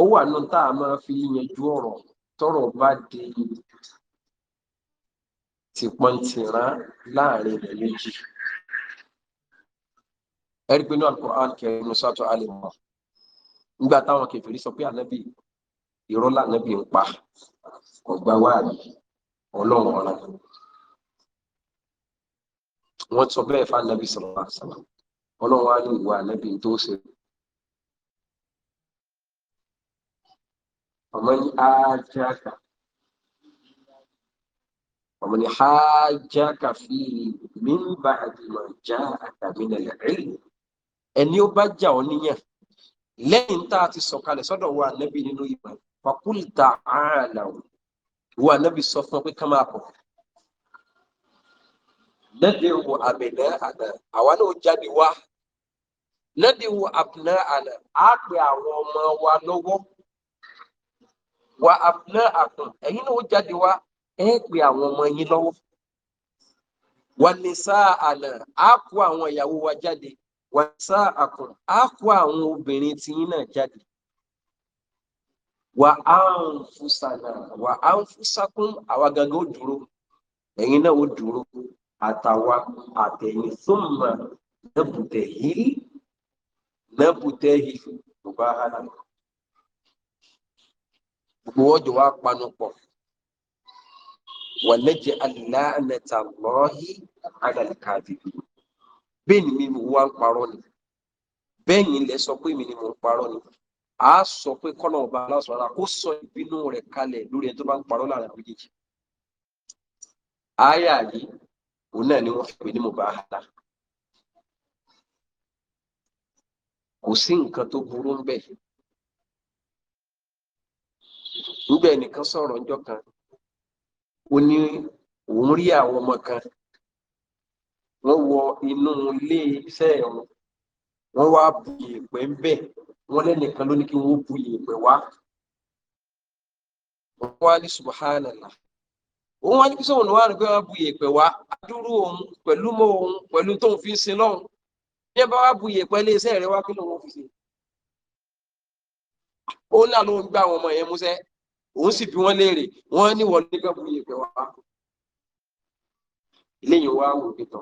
ó wà nù tá a máa fi yanjú ọ̀rọ̀ tọ́rọ̀ bá di tìpọ̀ntìrán láàrin rẹ̀ méjì ẹ̀rí pé náà Al-Qur'an kẹrin sọ́tọ̀ alimọ̀ nígbà táwọn kèfèrí sọ pé ànábì irọ́ lànábì ń pa ọgbà wáàlì ọlọ́run ọ̀ràn wọ́n sọ bẹ́ẹ̀ fànábì sọ̀rọ̀ àṣàlà ọlọ́run wá ní ìwà ànábì tó ṣe. ọmọ ní ájáka ọmọ ní ájáka fi mímbà àdìmọ̀ já àtàmínà ẹ̀rí ẹni ó bá jà ọ níyàn lẹ́yìn tá a ti sọ̀kalẹ̀ sọ́dọ̀ wa nẹ́bí nínú ìmọ̀ fakulta àlàó wa nẹ́bí sọ fún ọ pé ká máa bọ̀ nẹ́dẹ̀wò àbẹ̀lẹ̀ àná àwa náà jáde wá nẹ́dẹ̀wò àbẹ̀lẹ̀ àná á pè àwọn ọmọ wa lọ́wọ́ wa àbẹ̀lẹ̀ àkùn ẹ̀yin náà jáde wá ẹ̀ pè àwọn ọmọ yín lọ́wọ́ wa nìṣá àná á kó àwọn ìyàwó wa jáde wàsá àkùn á kó àwọn obìnrin tí yín náà jáde wà á ń fúsànà wà á ń fúsàkún àwa gangan ó dúró ẹ̀yin náà ó dúró àtàwa àtẹ̀yìn súnmọ́ nẹ́bùtẹ̀ yìí nẹ́bùtẹ̀ yìí ló bá hànà gbogbo ọjọ́ wa panu pọ̀ wà lẹ́jẹ̀ aláàánẹ̀tà lọ́ọ́hí àgàlìkàdì. bẹ́ẹ̀ ni mi wá ń parọ́ ni bẹ́ẹ̀ ni sọ pé mi ni a sọ pé kọ́nà ọba aláṣọ ara kó sọ ìbínú re kalẹ̀ lórí ẹni tó bá ń parọ́ láàrin àwọn àyà yìí òun náà ni wọ́n fi pè ní mubahala kò sí nǹkan tó burú ń bẹ̀ nígbà sọ̀rọ̀ ńjọ́ kan ó ní òun rí àwọn ọmọ wọ́n wọ inú ilé iṣẹ́ ọ̀hún wọ́n wá bu ìpè ń bẹ̀ wọ́n lẹ́nìkan ló ní kí wọ́n bu ìpè wá. wọ́n wá ní subhanallah òun wá ní kí sóhun wá ní pé wọ́n bu ìpè wá adúrú òun pẹ̀lú mọ́ òun pẹ̀lú tóun fi ń sin lọ́hùn bí ẹ bá wá bu ìpè ilé iṣẹ́ rẹ wá kí lóun fi se ó náà ló ń gbá àwọn ọmọ yẹn músẹ́ òun sì bi wọ́n léèrè wọ́n ní wọ́n ní ká bu ìpè wá. ilé yìí wá wò ó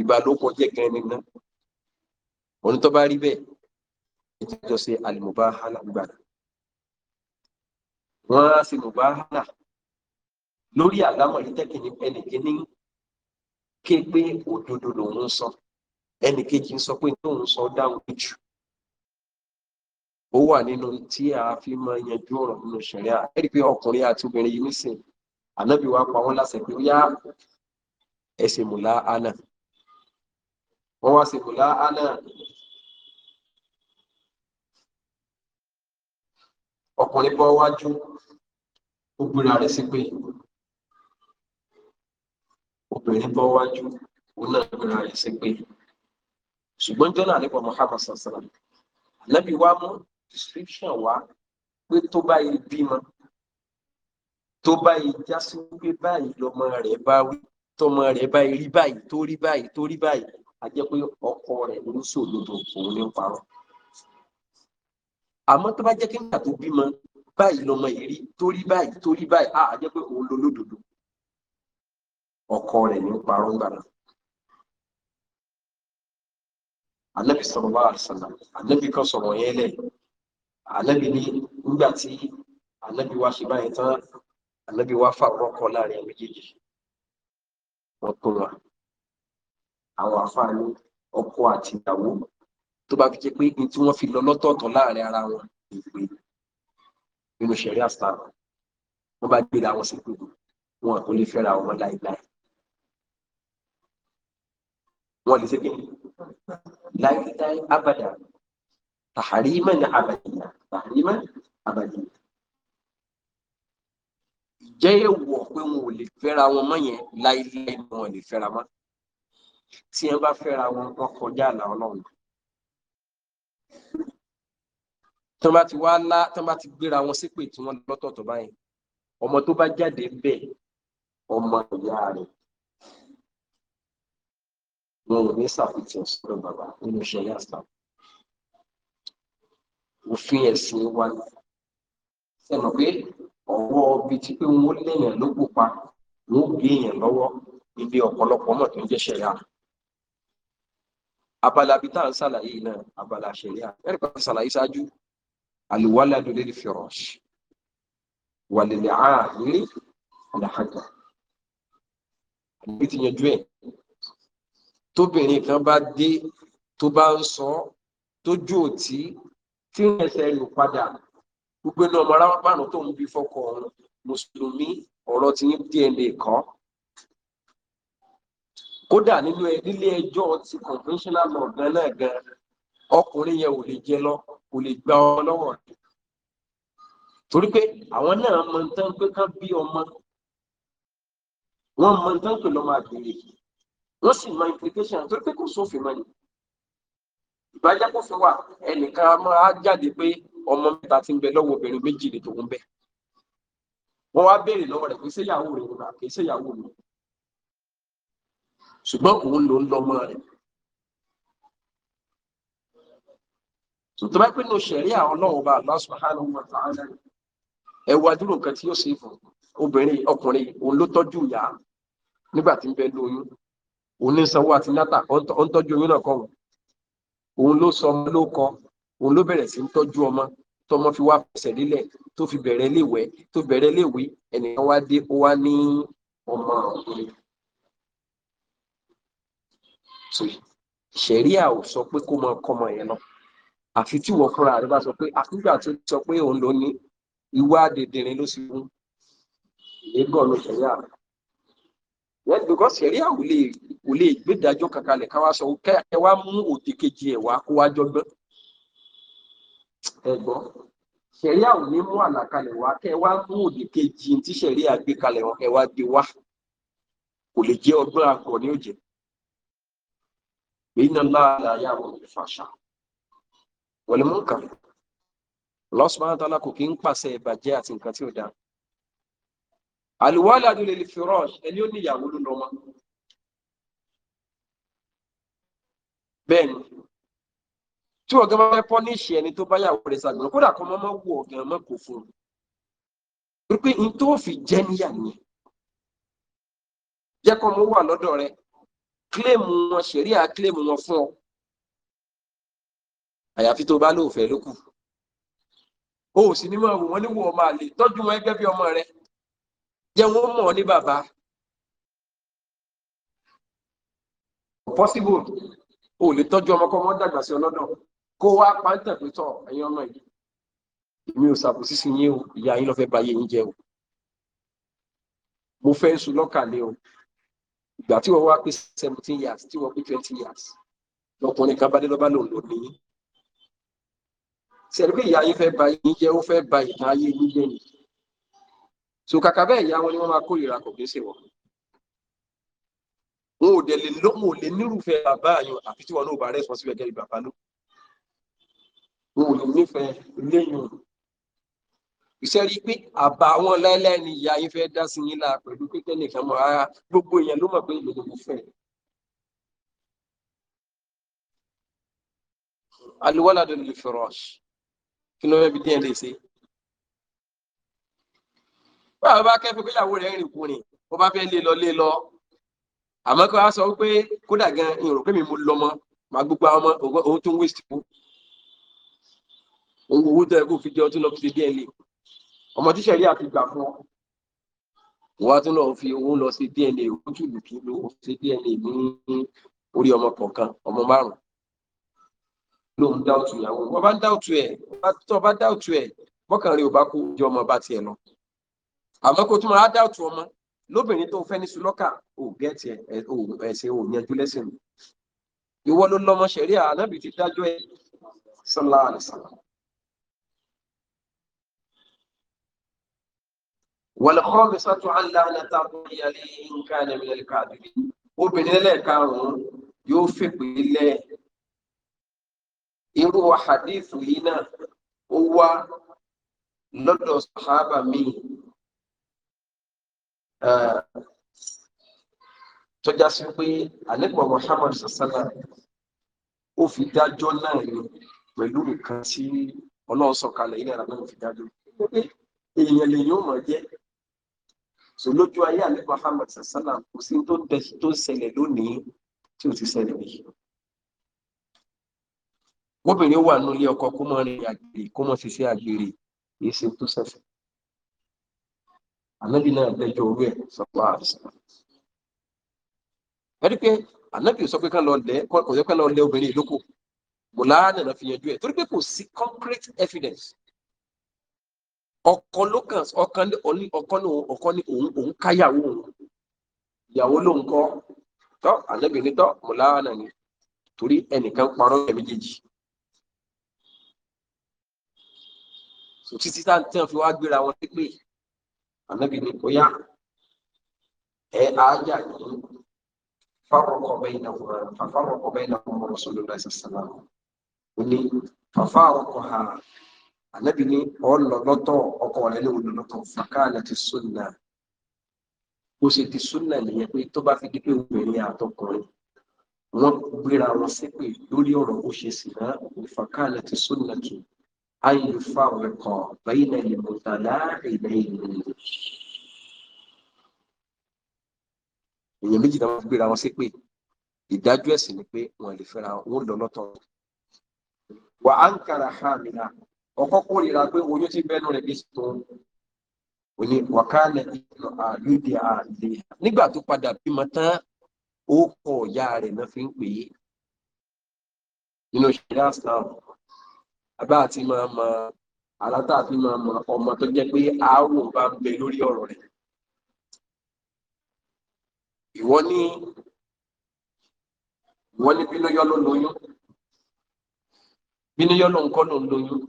ìbálòpọ̀ jẹ́ gan ni ná onítọ́ bá rí bẹ́ẹ̀ ìtọ́jọ́ sí alìmọ̀báhálà gbà wọ́n á sí mọ̀báhálà lórí àlámọ̀ ìtẹ́kì ní ẹnìkíní ké pé òdodo lòun sọ ẹnìkejì ń sọ pé tóun sọ dáhùn jù ó wà nínú tí a fi máa yanjú ọ̀rọ̀ nínú ṣẹ̀ríà ẹ̀rí pé ọkùnrin àti obìnrin yìí nísìn ànábì pa wọ́n láṣẹ pé ó yá ẹ ṣe mùlá ánà wọ́n wá ṣe mùlá ánà ọkùnrin bọ́ wájú obìnrin rẹ̀ sí pé obìnrin bọ́ wájú òun náà gbéra rẹ̀ sí pé ṣùgbọ́n jọ́nà nípa Muhammad sassana anábì wa mú description wá pé tó báyìí bímọ tó báyìí já sí wípé báyìí lọmọ rẹ̀ bá wí tọmọ rẹ̀ báyìí rí báyìí tó rí báyìí tó rí báyìí a jẹ́ pé ọkọ rẹ̀ oníṣòdodo òun ní parọ́ àmọ́ tó bá jẹ́ kí nígbà tó bímọ báyìí lọmọ yìí rí tó rí báyìí tó rí báyìí a jẹ́ pé òun ló lódodo ọkọ rẹ̀ ní parọ́ ń gbàdá. Ànábì sallallahu alaihi wasallam Ànábì kan sọ̀rọ̀ yẹn lẹ̀ Ànábì ní nígbà tí Ànábì wá ṣe báyìí tán Ànábì wá fà rọ́kọ̀ láàrin méjèèjì ọkùnrin àwọn àfáàní ọkọ àti ìyàwó tó bá fi jẹ́ pé ní tí wọ́n fi lọ lọ́tọ̀ọ̀tọ̀ láàrin ara wọn ìpè nínú ṣẹ̀rí àsìtàrọ̀ wọ́n bá gbéra wọn sí gbogbo wọn kò lè fẹ́ra wọn láìláì wọ́n lè ṣègbè láìláì abàdà tàhárímà ní abàdìyà tàhárímà abàdìyà jẹ́ èèwọ̀ pé wọn ò lè fẹ́ra wọn mọ́ yẹn láíláí ni wọn ò lè fẹ́ra mọ́ tí wọn bá fẹ́ra wọn wọn kọjá àlà ọlọ́run tí wọn bá ti wá lá tí wọn bá ti gbéra wọn sípè tí wọn lọ́tọ̀ọ̀tọ̀ báyìí ọmọ tó bá jáde bẹ́ẹ̀ ọmọ ìyá rẹ̀ wọn ò ní ṣàfihàn sọ́dọ̀ bàbá nínú ìṣẹ̀lẹ̀ àṣà òfin ẹ̀sìn wa sẹ́nu pé ọwọ́ bíi ti pé wọ́n léèyàn ló pupa wọ́n gé èèyàn lọ́wọ́ ibi ọ̀pọ̀lọpọ̀ mọ̀ tó ń jẹ́ abala bíi tá à ń ṣàlàyé náà abala ṣẹ̀yà ẹ̀rí pàtó ṣàlàyé ṣáájú àlùwáládù lè fi rọ̀ ṣe wàlẹ̀lẹ̀ àárín àlàáfíà àbí ti yanjú ẹ̀ tóbìnrin kan bá dé tó bá ń sọ tójú òtí tí ń ẹsẹ̀ rẹ̀ padà gbogbo inú ọmọ aráwọ̀ pààrọ̀ tó ń bí fọ́kọ ọ̀run mùsùlùmí ọ̀rọ̀ ti ní dna kọ́ kódà nínú ilé ẹjọ́ ti conventional law gan náà gan ọkùnrin yẹn ò lè jẹ lọ kò lè gba ọmọ lọ́wọ́ rẹ̀ torí pé àwọn náà mọ tán pé kán bí ọmọ wọn mọ tán pé lọ́mọ àgbèrè wọn sì mọ implication torí pé kò sófin mọ ni ìbájá kò fi wà ẹnìkan máa jáde pé ọmọ mẹ́ta ti ń bẹ lọ́wọ́ obìnrin méjì ni tòun bẹ wọn wá béèrè lọ́wọ́ rẹ̀ pé ṣé ìyàwó rẹ̀ wò náà kì í ṣe ìyàwó mi ṣùgbọ́n òun ló ń lọmọ rẹ̀ tòtòbá pé ní ṣẹ̀rí àwọn ọlọ́run bá Allah subhanahu wa ta'ala ẹ wá dúró nǹkan tí yóò ṣe fún obìnrin ọkùnrin òun ló tọ́jú ìyá nígbà tí ń bẹ lóyún òun ní sanwó àti nátà ó ń tọ́jú oyún náà kọ́ òun ló sọ ọmọ ló kọ́ òun ló bẹ̀rẹ̀ sí ń tọ́jú ọmọ tọmọ fi wá fẹsẹ̀ nílẹ̀ tó fi bẹ̀rẹ̀ léwẹ̀ tó bẹ̀rẹ̀ léwẹ̀ ẹnìkan wá dé ó wá ní ọmọ ọ̀gbìn. so ṣẹ̀ríà ò sọ pé kó máa kọ́ ọmọ yẹn lọ àfi tí wọ́n fúnra rẹ̀ bá sọ pé àfígbà tó sọ pé òun ló ní ìwà dèdèrìn ló sì mú ìyẹ́gàn ló ṣẹ̀ríà rẹ̀ yẹn bíkọ́ sẹ̀ríà ò lè gbé ìdájọ́ kankan lẹ̀ sọ kẹ́ ẹ wá mú òtẹ́kejì ẹ̀ wá kó wá jọgbọ́n. ẹ̀gbọ́n ṣẹ̀ríà ò ní mú àlàkalẹ̀ wá kẹ́ wá kejì tí ṣẹ̀ríà gbé kalẹ̀ wọn wá kò lè jẹ ọgbọ́n àgọ́ ní láàlá mú nǹkan kò kí ń pàṣẹ ìbàjẹ́ àti nǹkan tí ó dáa àlùwálé àdúlé lè fi rọ́ọ̀ṣ ẹni ó ní ìyàwó tí wọ́n gan bá fẹ́ pọ́níṣì ẹni tó bá yàwó rẹ̀ sàgbọ̀n kódà kan mọ́ mọ́ wù ọ́ gan mọ́ kò fún un torí pé n tó fi jẹ́ níyà nìyẹn jẹ́ kọ́ mo wà lọ́dọ̀ rẹ kílèmù wọn ṣẹ̀ríà kílèmù wọn fún ọ àyàfi tó bá lóòfẹ́ ló kù o ò sì ní máa wò wọ́n níwò ọmọ àlè tọ́jú wọn gẹ́gẹ́ bí ọmọ rẹ jẹ́ wọ́n mọ̀ ní bàbá possible o ò lè tọ́jú ọmọ kọ́ dàgbà sí ọlọ́dọ̀ kó wá pàǹtẹ̀ pé tọ̀ ẹ̀yin ọmọ yìí èmi ò ṣàbòsí sí yín o ìyá yín ló fẹ́ bà yé yín jẹ́ o mo fẹ́ sùn lọ́kàlẹ̀ o ìgbà tí wọ́n wá pé seventeen years tí wọ́n pé twenty years lọkùnrin kan bá dé lọ́ba lòun ló ní sẹ́ni pé ìyá yín fẹ́ bà yín jẹ́ ó fẹ́ bà ìtàn ayé yín jẹ́ ni so kàkà bẹ́ẹ̀ ìyá wọn ni wọ́n máa kórìíra kò gbèsè wọn wọn ò dẹ̀ lè lọ́mọ ò nírúfẹ́ bàbá àyàn àfi tí wọn náà bá rẹ́sọ̀nsì gẹ́gẹ́ bí bàbá náà wọn ò lè nífẹ̀ẹ́ lẹ́yìn ìṣẹ́rí pé àbá wọn láéláé ni ìyá yín fẹ́ dá sí yín láà pẹ̀lú pé tẹ́nìkan mọ̀ rárá gbogbo èèyàn ló mọ̀ pé èmi ni mo fẹ́. aliwaladu lil firash kí ló fẹ́ fi díẹ̀ lè ṣe. báwo bá kẹ́fẹ́ pé ìyàwó rẹ̀ ń rìn kùnrin ó bá fẹ́ lé lọ lé lọ àmọ́ kí wọ́n á sọ pé kódà gan-an ìrò pé mi mo lọ́mọ màá gbogbo àwọn ọmọ òun tó ń owó owó tó yẹ kó fi jẹ ọtún lọ fi ṣe DNA ọmọ tíṣẹ rí àfi gbà fún ọ wọn á tún lọ fi owó lọ ṣe DNA ojúlùkí ló ṣe DNA ní orí ọmọ kọ̀ọ̀kan ọmọ márùn ló ń dá òtún ìyàwó wọn bá ń dá òtún ẹ tó bá dá òtún ẹ mọkànlélẹ ò bá kó jẹ ọmọ bá tiẹ̀ lọ àmọ́ kó tún máa dá òtún ọmọ lóbìnrin tó fẹ́ ní sulọ́kà ò gẹ́ẹ̀tì ẹ̀sìn ò yanjú lẹ́sìn ìwọ ló lọ́mọ ṣẹ̀rí ànábì ti dájọ́ ẹ̀ sallallahu alaihi والخامسة أن لعنة الله عليه إن كان من الكاذبين obìnrin ẹlẹ́ẹ̀karùn-ún yóò fèpè lẹ̀ irú hadith yìí náà ó wá lọ́dọ̀ sàhábà mi tọ́já sí pé àlẹ́pọ̀ Muhammad sàsánà ó fi dájọ́ náà ni pẹ̀lú nǹkan tí ọlọ́run sọ̀kalẹ̀ ilẹ̀ àbẹ́wò fi dájọ́ èèyàn lè yóò mọ̀ jẹ́ so lójú ayé àlẹ́ Muhammad sasana kò sí tó bẹ tó ṣẹlẹ̀ lónìí tí ò ti ṣẹlẹ̀ rí obìnrin wà nínú ilé ọkọ kó mọ rìn àgbèrè kó mọ ṣiṣẹ́ àgbèrè kì í ṣe tó ṣẹ̀ṣẹ̀ ànábì náà lẹ́jọ́ orí ẹ̀ sọpá àṣà ẹni pé ànábì sọ pé ká lọ lẹ kò yẹ ká lọ lẹ obìnrin ìlókò bùlá nàná fi yanjú ẹ̀ torí pé kò sí concrete evidence ọkọ ló kàn ọkàn ní ọkọ ní òun ọkọ ní òun òun káyàwó òun ìyàwó ló ń kọ tọ àlẹbìnrin tọ mọlára náà ni torí ẹnìkan parọ́ ẹ méjèèjì so títí tá tí wọn fi wá gbéra wọn ní pé àlẹbìnrin kò yá ẹ ájà yìí fáwọkọ bẹyìn náà fáwọkọ bẹyìn náà wọn sọlọ lọ ẹsẹ sàlámù ó ní fàfáwọkọ ha ànábì ní ọlọ lọ́tọ̀ ọkọ rẹ ní odò lọ́tọ̀ fàkàlà ti súnà ó ṣe ti súnà nìyẹn pé tó bá fi di pé obìnrin àtọkùnrin wọn gbéra wọn sípè lórí ọ̀rọ̀ ó ṣe sì náà fàkàlà ti súnà tù ayé fáwọn ẹ̀kọ́ bẹyìn náà lè mọta láàrin lẹ́yìn lẹ́yìn èèyàn méjì náà wọn gbéra wọn sípè ìdájọ́ ẹ̀sìn ni pé wọn lè fẹ́ra wọn lọ lọ́tọ̀ wà á ń kára hàmìlà ọkọ kórìíra pé oyún ti bẹnu rẹ̀ bí sùn òní wàkánà ìlú àlùdí àlè nígbà tó padà bímọ tán ó kọ ìyá rẹ̀ náà fi ń pè é nínú ìṣẹ̀lẹ̀ àṣà àbá àti máa mọ aláta àti máa mọ ọmọ tó jẹ́ pé àáwò bá ń bẹ lórí ọ̀rọ̀ rẹ̀ ìwọ ní ìwọ ní bínú yọ ló lóyún bínú yọ ló ń kọ́ ló ń lóyún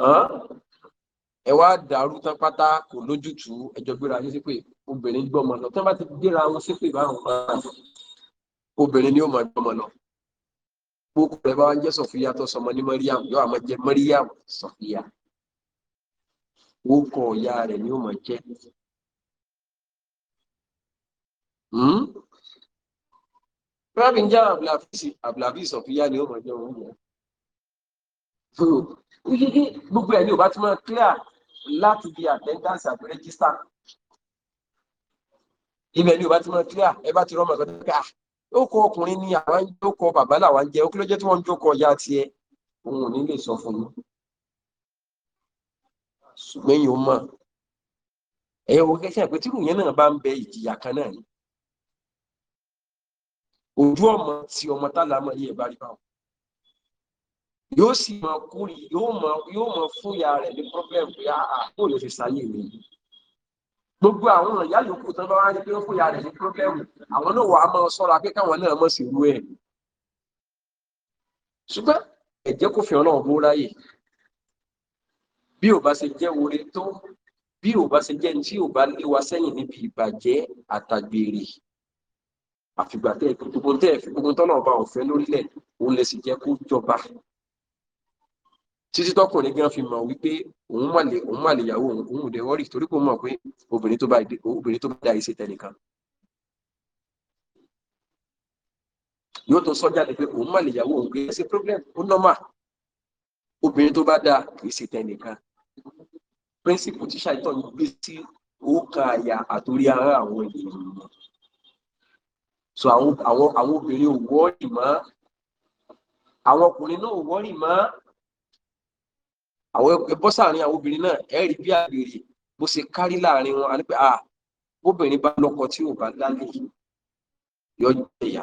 ẹ wá dàrú tán pátá kò lójútùú ẹjọ gbéra yín sí pé obìnrin gbọmọ lọ tí wọn bá ti gbéra wọn sí pé báwọn máa obìnrin ni ó máa gbọmọ lọ gbogbo rẹ bá wá ń jẹ sọfìyà tó sọmọ ní mọríyàm yóò àmọ jẹ mọríyàm sọfìyà orúkọ ọ̀yá rẹ̀ ni ó máa jẹ́. Rábì ń já àbìlàfíìsì àbìlàfíìsì ni ó máa jẹ́ oúnjẹ gbogbo ẹ̀ ní ò bá ti máa clear láti di attendance àti register ibẹ̀ ni ò bá ti máa clear ẹ bá ti rọ́ọ̀mù ẹ̀kọ́ tó ká ah, ó kọ ọkùnrin ni àwọn ń jókòó bàbá làwọn ń jẹ ó kí ló jẹ́ tí wọ́n ń jókòó ọjà tiẹ̀ òun ò ní lè sọ fún mi ṣùgbọ́n yìí ó mọ̀ ẹ wo kẹ́sẹ̀ pé tírù yẹn náà bá ń bẹ ìjìyà kan náà ni ojú ọmọ tí ọmọ tá yìí ẹ bá rí báwọn yóò sì mọ kúrì yóò mọ yóò mọ fúyà rẹ̀ ní problem pé àpò ló fi sáyé mi gbogbo àwọn ìyá yòókù tán bá wá rí pé ó fúyà rẹ̀ ní problem àwọn náà wàá máa ṣọ́ra pé káwọn náà mọ̀ sí irú ẹ̀ ṣùgbọ́n ẹ̀jẹ̀ kò fi ọlọ́run bó ráyè bí ò bá ṣe jẹ́ oore tó bí ò bá ṣe jẹ́ ní tí ò bá lé wa sẹ́yìn níbi ìbàjẹ́ àtàgbèrè àfìgbà tẹ́ gbogbo tẹ́ gbogbo tọ́nà ọba ọ̀fẹ́ lórílẹ̀ òun lè sì jẹ́ kó jọba títí tọkùnrin gan fi mọ̀ wípé òun mà lè òun mà lè yàwó òun òun dẹ̀ wọ́rì torí kò mọ̀ pé obìnrin tó bá obìnrin tó bá dá iṣẹ́ tẹnìkan. yóò tó sọ jáde pé òun mà lè yàwó òun kì í problem ó nọ́mà obìnrin tó bá dáa kì tẹnìkan píríncípù tí ṣàìtọ́ ní gbé sí òkà àyà àtòrí ara àwọn ènìyàn so àwọn àwọn àwọn obìnrin ò wọ́ọ̀rì mọ́ àwọn ọkùnrin náà ò wọ́ọ̀rì mọ́ àwọn ẹbọ́ sàárín àwọn obìnrin náà ẹ rí bí àgbèrè bó ṣe kárí láàrin wọn àní pé à obìnrin bá lọ́kọ tí ò bá lálẹ́ yọ jẹyà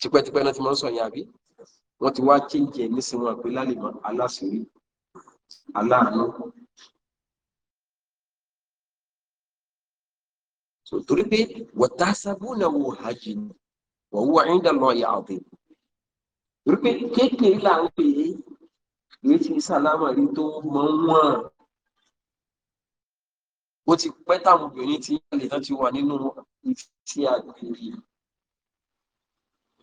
tipẹ́tipẹ́ náà ti máa ń sọ yẹn àbí wọ́n ti wá chéńjẹ nísìn wọn pé lálẹ́mọ́ aláṣírí aláàánú. torí pé wọ́tá sábúnà wò hajj wọ́n wọ́n ń dà lọ́ọ̀yà àbẹ̀wò wípé kéékèé là ń pè é kìí ṣe sálámà rí tó mọ wọn ó ti pẹ́ táwọn obìnrin ti yàlẹ tán ti wà nínú ìfisí àgbèrè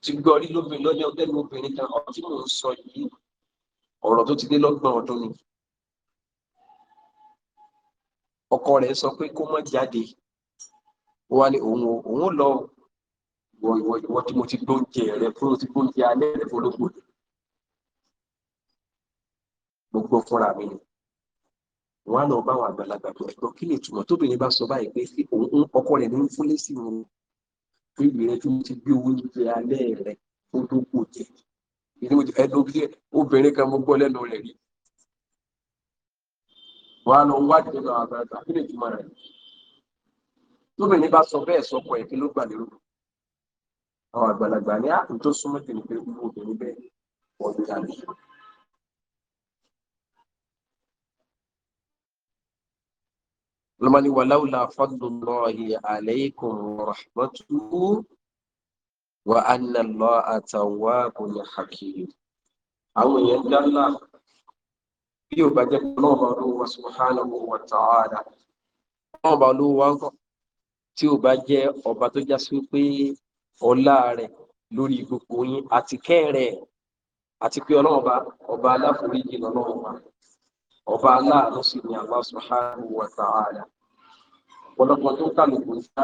ti gbọ́ rí lóbìnrin lọ́lẹ́ ọgbẹ́ni obìnrin kan ọ̀rọ̀ tí mò ń sọ yìí ọ̀rọ̀ tó ti dé lọ́gbọ̀n ọdún ni ọkọ rẹ̀ sọ pé kó má jáde ó wá ní òun òun lọ ìwọ ìwọ ìwọ tí mo ti gbóúnjẹ rẹ fún ti gbóúnjẹ alẹ́ rẹ fún olóògbò rẹ mo gbọ́ fúnra mi ni wọn á lọ bá àwọn àgbàlagbà pé ẹ̀gbọ́n kí ni ìtumọ̀ tóbìnrin bá sọ báyìí pé sí òun ọkọ rẹ ní ń fúnlé sí wọn pé ìrẹ tí mo ti gbé oúnjẹ alẹ́ rẹ fún olóògbò jẹ ìdí mo ti fẹ́ lóbi jẹ obìnrin kan mo gbọ́ lẹ́nu rẹ̀ rí wọn á lọ wádìí lọ àgbàlagbà kí ni ìtumọ̀ rẹ tóbìnrin bá sọ bẹ́ẹ̀ sọkọ ẹ̀ kí ló gbà lérò àwọn àgbàlagbà ní àpò tó súnmọ́ tèmi pé irú obìnrin bẹ́ẹ̀ wọ́n jalè. lọ́mọdé wà láwùlà fadlullahi alaykum wa rahmatuhu wa anna Allaha tawwabun hakim. àwọn èèyàn dáńlá bí ò bá jẹ́ pé náà bá lówó wa subhanahu wa ta'ala náà bá lówó wa ń kọ́ tí ò bá jẹ́ ọba tó já sí pé ọlá rẹ lórí gbogbo yín àti kẹ́rẹ̀ àti pé ọlọ́run ọba ọba aláforíjì wa ọba aláàánú sì ni Allah subhanahu wa ta'ala ọ̀pọ̀lọpọ̀ tó kálukú sá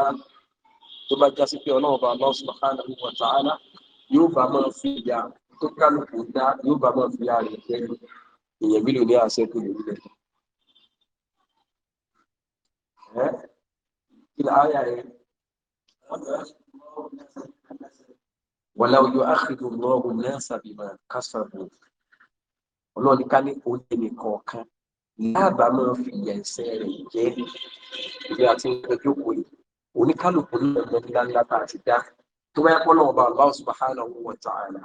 tó bá jásí pé ọlọ́run ọba Allah subhanahu wa ta'ala yóò bá máa fi ìyá tó kálukú dá yóò bá máa fi ìyá rẹ̀ jẹ́rú bí wọ́lá ojú ákìdù lọ́rùn náà sàbìmọ̀ kásàbò ọlọ́ọ̀ni ká ní oúnjẹ nìkan kan láàbà máa fi ẹ̀sẹ̀ rẹ̀ jẹ́ ibi àti ìgbẹ́jọ́ kò yìí oníkálukú náà mọ ní ńláńlá tá a ti dá tó bá yẹ kọ́ lọ́wọ́ bá Allah subhanahu wa ta'ala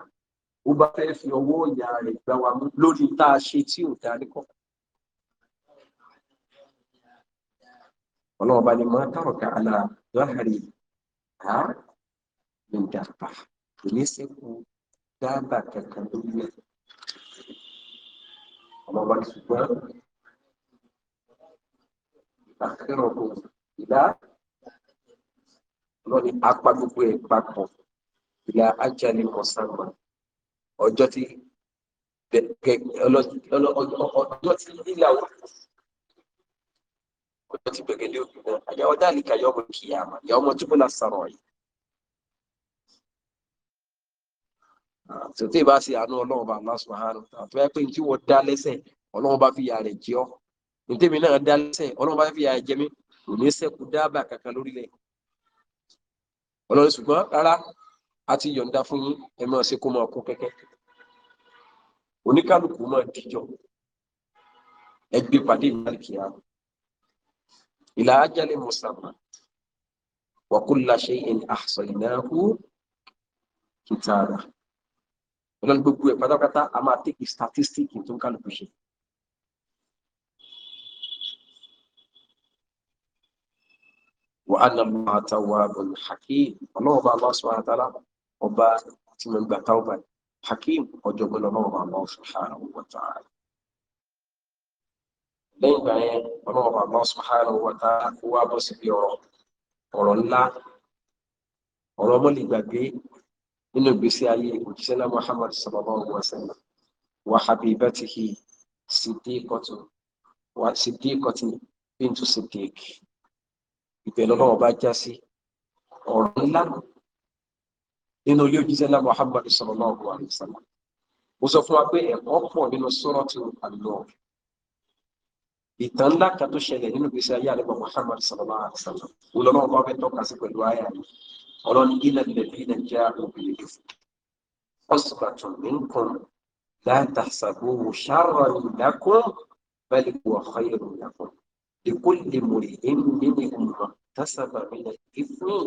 ó bá fẹ́ fi ọwọ́ ìyá rẹ̀ gbá wa mú lórí tá a ṣe tí ò dá níkọ́. ọlọ́wọ́ bá ní máa tàrọ̀ ká àlà kò ní sínkù dáàbà kankan lórí ẹ̀ ọmọ bá ṣùgbọ́n ìbákẹ́rọ̀ kò ìdá lọ́ni apá gbogbo ẹ̀ papọ̀ ìlà ajáni mọ̀sánmà ọjọ́ tí ọjọ́ tí ìlà òkú ọjọ́ tí gbẹ̀gẹ̀lẹ̀ òkú náà àyàwó dáàlì kà yọmọ kìyàmà yọmọ túbọ̀ lásàrọ̀ yìí. tó tí ì bá ṣe àánú ọlọ́run bá Allah subhanahu wa tó yẹ pé tí wọ́n dá lẹ́sẹ̀ ọlọ́run bá fi ìyà rẹ̀ jẹ ọ́ ntẹ́mi náà dá lẹ́sẹ̀ ọlọ́run bá fi ìyà rẹ̀ jẹ mí kò sẹ́kù dábàá kankan lórílẹ̀ ọlọ́run ṣùgbọ́n rárá a yọ̀ǹda fún yín ẹ máa ṣe kó máa kó kẹ́kẹ́ oníkálukú máa dìjọ ẹgbẹ́ pàdé ìmọ̀lìkìyà ìlà ajalè mùsàmà wa kulla shay'in ahsaynahu kitaba ọlọ́run buku ẹ̀ pátápátá a máa tẹ́kì statistic tó ń kálukú ṣe. wà á nà máa ta wà bọ̀lù hakeem ọlọ́run bá aláṣọ àtàlà ọba tí mo ń gbà táwọn bá hakeem ọ̀jọ̀gbọ́n ọlọ́run bá aláṣọ àtàlà ọba tá a. lẹ́yìn ìgbà yẹn ọlọ́run bá aláṣọ nínú ìgbésí ayé òjíṣẹ́ náà Muhammad sallallahu alaihi wa sallam wa habibatihi siddiqatu wa siddiqati bintu siddiq ìbẹ̀rẹ̀ ọlọ́wọ́ bá já sí ọ̀rọ̀ ńlá nínú ilé òjíṣẹ́ náà Muhammad sallallahu alaihi wa sallam mo sọ fún wa pé ẹ̀kọ́ pọ̀ nínú sọ́rọ́tù àlọ́ ìtàn ńlá kan tó ṣẹlẹ̀ nínú ìgbésí ayé àlẹ́ ọ̀rọ̀ ní ilẹ̀ lẹ́bí ilẹ̀ jẹ́ obìnrin yìí ọ̀sùpàtún minkum la tahsabuhu sharran lakum bal huwa khayrun lakum likulli imri'in minhum maktasaba min al-ithmi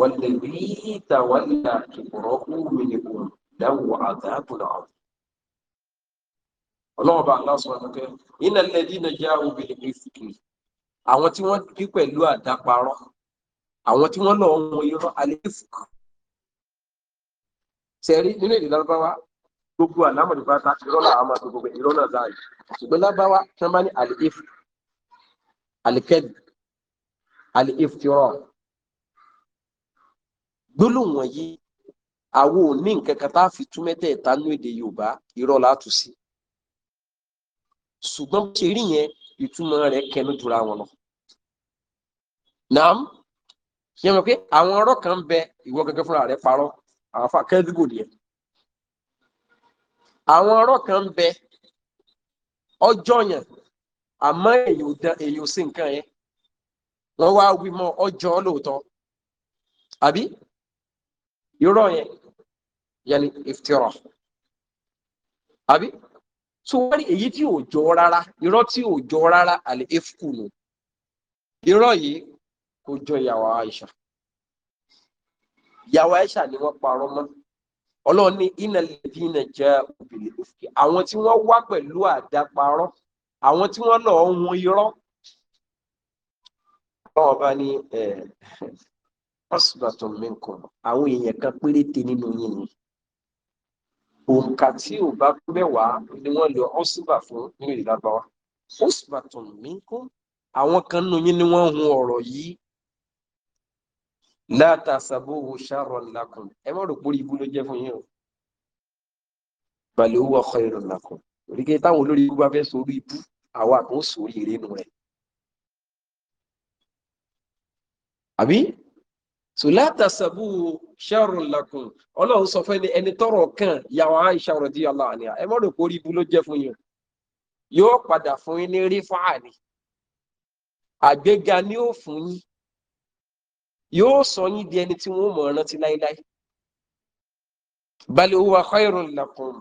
والذي تولى كبره منهم له عذاب عظيم ọlọ́ọ̀bá aláṣọ́nùkẹ́ iná lẹ́dí nàìjíríà obìnrin fìkì àwọn tí wọ́n bí pẹ̀lú àdáparọ́ àwọn tí wọ́n lọ wọn irọ́ àlefik sẹ́rí nínú èdè lárúbáwá gbogbo àlámọ̀dé bá ta irọ́ làwọn máa gbogbo irọ́ náà záàyè ṣùgbọ́n lárúbáwá tí wọ́n bá ní àlefik àlekẹ́d àleftirọ́ gbólóhùn wọ̀nyí àwọn ò ní nǹkan kan tá a fi tún mẹ́tẹ̀ẹ̀ta nú èdè Yorùbá irọ́ láàtú sí ṣùgbọ́n kiri yẹn ìtumọ̀ rẹ̀ kẹnu dura wọn lọ. Naam ṣe mọ̀ pé àwọn ọ̀rọ̀ kan bẹ ìwọ gẹ́gẹ́ fúnra rẹ̀ parọ́ àwọn afa kẹ́dígbò díẹ̀ àwọn ọ̀rọ̀ kan bẹ ọjọ́ yẹn àmọ́ èyí ò sí nǹkan yẹn wọ́n wá wí mọ́ ọjọ́ lóòótọ́ àbí irọ́ yẹn yẹn ìfitìrọ̀ àbí tó wá rí èyí tí ò jọ rárá irọ́ tí ò jọ rárá àlè efku nù irọ́ yìí kó jọ ìyàwó Aisha ìyàwó Aisha ni wọ́n parọ́ mọ́ ọlọ́run ní ìnàlẹ́dínà jẹ́ obìnrin òfin àwọn tí wọ́n wá pẹ̀lú àdáparọ́ àwọn tí wọ́n lọ ń hun irọ́ ọlọ́run bá ní ọ̀sùnàtò mẹ́kọ̀ọ́ àwọn èèyàn kan péréte nínú yín ni òǹkà tí ò bá mẹ́wàá ni wọ́n lọ ọ̀sùnà fún nínú ìlàbáwá ọ̀sùnàtò mẹ́kọ̀ọ́ àwọn kan nínú yín ni wọ́n hun ọ̀rọ̀ yìí láta sàbówó ṣàrọ̀ lakum ẹ má rò pórí ibú ló jẹ́ fún yín o balẹ̀ owó ọkọ̀ ìrọ̀ lakum òrìkẹ́ táwọn olórí ibú bá fẹ́ sórí ibú àwa kan sórí ìrénu rẹ̀ àbí so láta sàbówó ṣàrọ̀ lakum ọlọ́run sọ fẹ́ ni ẹni tọrọ kan yàwó Aisha radiyallahu anha ẹ má rò pórí ibú ló jẹ́ fún yín yóò padà fún yín ní rífà ni àgbéga ni ó fún yín yóò sọ yín di ẹni tí wọ́n mọ̀ rántí láíláí bal huwa khayrun lakum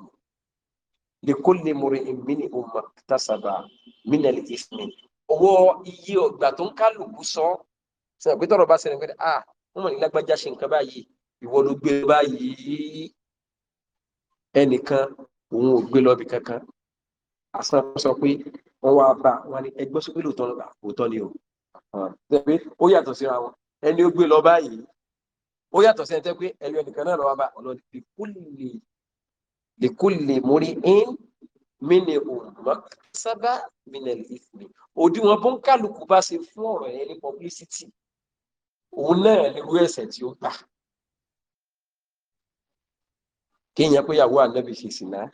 likulli mri'in minhum maktasaba minal ithmi owó iye ọgbà tó ń kálukú sọ sọ pé tọrọ bá ṣẹlẹ̀ pé ah wọ́n mọ̀ ní lágbájá ṣe nǹkan báyìí ìwọ ló gbé báyìí ẹnìkan òun ò gbé lọ́bì kankan àsan sọ pé wọ́n wá bá wọn ni ẹgbẹ́ sọ pé lóòótọ́ ni o ó yàtọ̀ síra wọn ẹni ó gbé lọ báyìí ó yàtọ̀ sí ẹni tẹ́ pé ẹyọ ẹnìkan náà lọ́wọ́ bá ọ̀nà lèkúlè mórí ín mínì òmùmọ́ sábà mínì ìfìmì òdiwọ̀n bó ń kálukú bá ṣe fún ọ̀rọ̀ yẹn ní publicity òun náà nírú ẹ̀sẹ̀ tí ó gbà kéèyàn pé ìyàwó ànábì ṣe sì náà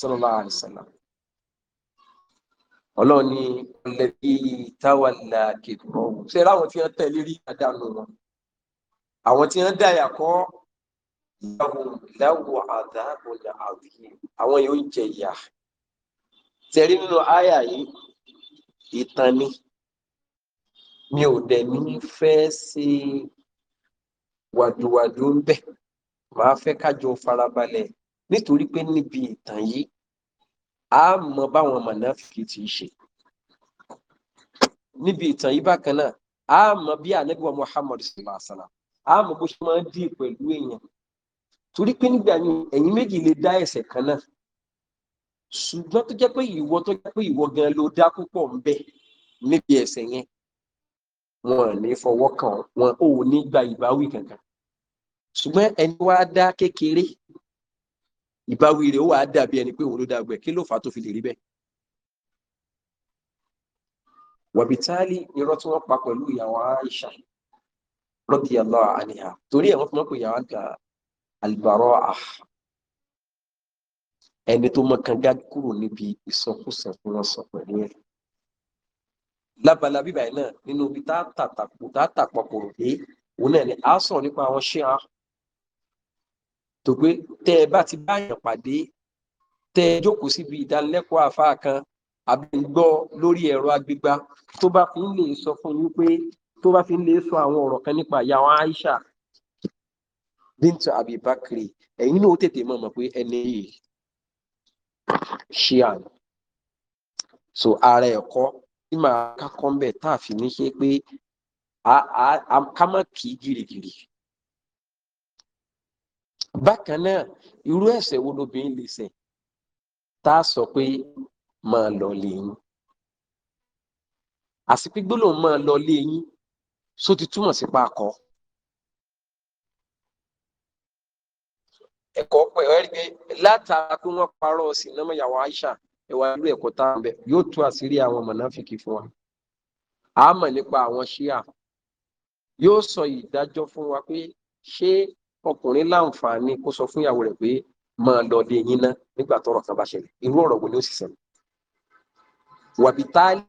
sallallahu alaihi wasallam ọlọ́run ní ọlẹ́bí táwàlà kìkọ́ ṣe láwọn tí wọ́n tẹ̀lé rí àdánù wọn àwọn tí wọ́n dàyà kọ́ ìyàwó ìyàwó àdáàbò ní àwùjọ àwọn yóò jẹ ìyà tẹ̀rí nínú àyà yìí ìtàn ni mi ò dẹ̀ ní fẹ́ ṣe wàdùwàdù ń bẹ̀ máa fẹ́ kájọ farabalẹ̀ nítorí pé níbi ìtàn yìí a mọ báwọn mọ̀nàfìkì ti ṣe níbi ìtàn yìí bákan náà a mọ bí anabiwa muhammadu sallallahu alaihi wa sallam a mọ bó ṣe máa ń dì pẹ̀lú èèyàn torí pé nígbà yìí ẹ̀yin méjì lè dá ẹ̀ṣẹ̀ kan náà ṣùgbọ́n tó jẹ́ pé ìwọ tó jẹ́ pé ìwọ gan ló dá púpọ̀ ń bẹ níbi ẹ̀ṣẹ̀ yẹn wọn ò ní fọwọ́ kàn wọn ò ní gba ìbáwí kankan ṣùgbọ́n ẹni wá dá kékeré ìbáwí rẹ̀ ó wàá dàbí ẹni pé òun ló dàgbẹ̀ kí ló fà á tó fi lè rí bẹ́ẹ̀. wàbítálì irọ́ tí wọ́n pa pẹ̀lú ìyàwó Aisha radiyallahu anha torí ẹ̀ wọ́n fi mọ́ pé ìyàwó àgbà al-bara'ah ẹni tó mọ kanga kúrò níbi ìsọkúsọ tí wọ́n sọ pẹ̀lú ẹ̀. lábala bíbáyìí náà nínú ibi tá a tàpapọ̀ pé òun náà ni a sọ̀rọ̀ nípa àwọn ṣé tó pé tẹ́ ẹ bá ti báyàn pàdé tẹ́ ẹ jókòó síbi ìdánilẹ́kọ̀ọ́ àfáà kan àbí ń gbọ́ lórí ẹ̀rọ agbègbà tó bá fi ń lè sọ fún yín pé tó bá fi lè sọ àwọn ọ̀rọ̀ kan nípa ìyá wọn Aisha bíntu Abi Bakri ẹ̀yin náà ó tètè mọ̀ mọ̀ pé ẹni yìí ṣíà ni so ara ẹ̀kọ́ tí màá kákọ́ ń bẹ̀ tá a fi ní ṣe pé ká má kì í gìrìgìrì bákan náà irú ẹ̀ṣẹ̀ wo lobìnrin lè ṣẹ̀ tá a sọ pé máa lọ lé yín àsìpígbólò máa lọ lé yín só ti túmọ̀ sí paakọ. ẹ̀kọ́ pẹ̀ ẹ́ rí i pé látara pé wọ́n parọ́ sí námọ̀yàwó Aisha ẹ̀wà irú ẹ̀kọ́ tá à ń bẹ̀ yóò tú àṣírí àwọn mọ̀náfìkì fún wa a nípa àwọn ṣíà yóò sọ ìdájọ́ fún wa pé ṣé ọkùnrin láǹfààní kó sọ fún ìyàwó rẹ̀ pé máa lọ lé yín ná nígbà tọ́rọ̀ kan bá ṣẹlẹ̀ irú ọ̀rọ̀ wo ni ó sì ṣẹlẹ̀ wàbítálì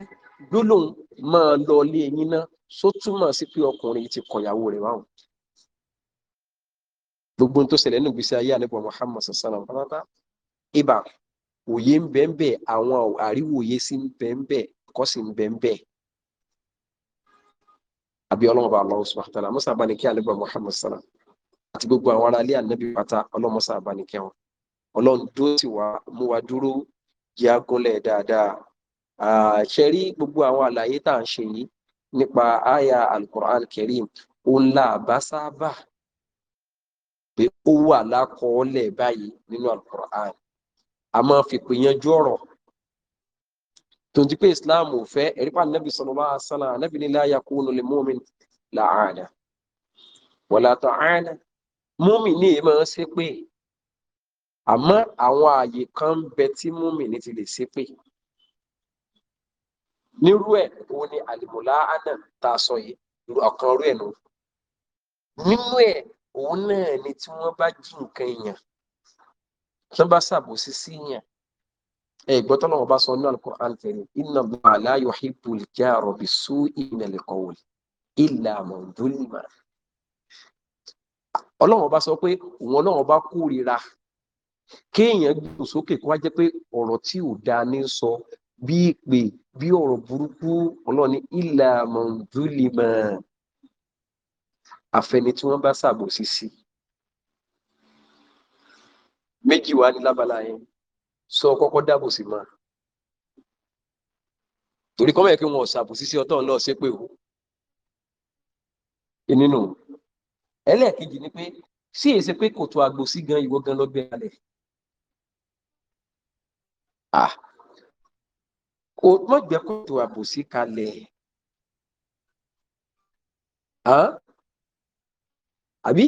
gbólóhùn máa lọ lé yín ná só túmọ̀ sí pé ọkùnrin ti kọ ìyàwó rẹ̀ wáhùn gbogbo tó ṣẹlẹ̀ nínú ìgbésí ayé àníbọ̀ Muhammad sallam pátápátá ibà òye ń bẹ ń bẹ àwọn àríwòye sí ń bẹ ń kọ́ sí ń bẹ ń àbí ọlọ́run bá Allah subhanahu wa musa bá ní kí àníbọ̀ Muhammad sallam àti gbogbo àwọn ará ilé ànábì pátá ọlọ́mọsá àbánikẹ́ wọn ọlọ́run tó sì wá mú wa dúró jẹ́ agúnlẹ̀ dáadáa ṣe rí gbogbo àwọn àlàyé tá à ń ṣe yìí nípa àyà alukur'an kerim òun la bá sábà pé ó wà lákọọ́lẹ̀ báyìí nínú alukur'an a máa fi pè yanjú ọ̀rọ̀ tó ń di pé islam ò fẹ́ ẹ̀rí pa anabi sallallahu alaihi wasallam anabi ní la yakunu lil mu'min la'ana wala ta'ana múmìnì máa ń ṣépè àmọ́ àwọn ààyè kan ń bẹ tí múmìnì ti lè ṣépè nírú ẹ̀ òun ni àlìmọ̀lá àná tá a sọ yìí ọ̀kan orí ẹ̀ nù nínú ẹ̀ òun náà ni tí wọ́n bá jí nǹkan èèyàn tí wọ́n bá ṣàbòsí sí yàn ẹ̀gbọ́n tó lọ́wọ́ bá sọ ní Al-Qur'an Al-Karim inna Allaha la yuhibbul jara bisu'in minal qawli illa man ọlọ́run ọba sọ pé òun ọlọ́run ọba kórìíra kéèyàn gbòòrò sókè kó wá jẹ́ pé ọ̀rọ̀ tí ò dáa ní sọ bí ìpè bí ọ̀rọ̀ burúkú ọlọ́run ní ìlà mọ̀ndúlìmọ̀ àfẹni tí wọ́n bá ṣàbòsí sí méjì wá ní lábala yẹn sọ kọ́kọ́ dábòsí mọ́ torí kọ́mọ̀ yẹ kí wọ́n ṣàbòsí sí ọtọ́ náà ṣépè o ìnínú. E ẹlẹ́ẹ̀kejì ni pé sí èsì pé kò tó àgbò sí gan ìwọ gan lọ́gbẹ́ alẹ̀ kò mọ̀gbẹ́ kò tó àbò sí kalẹ̀ àbí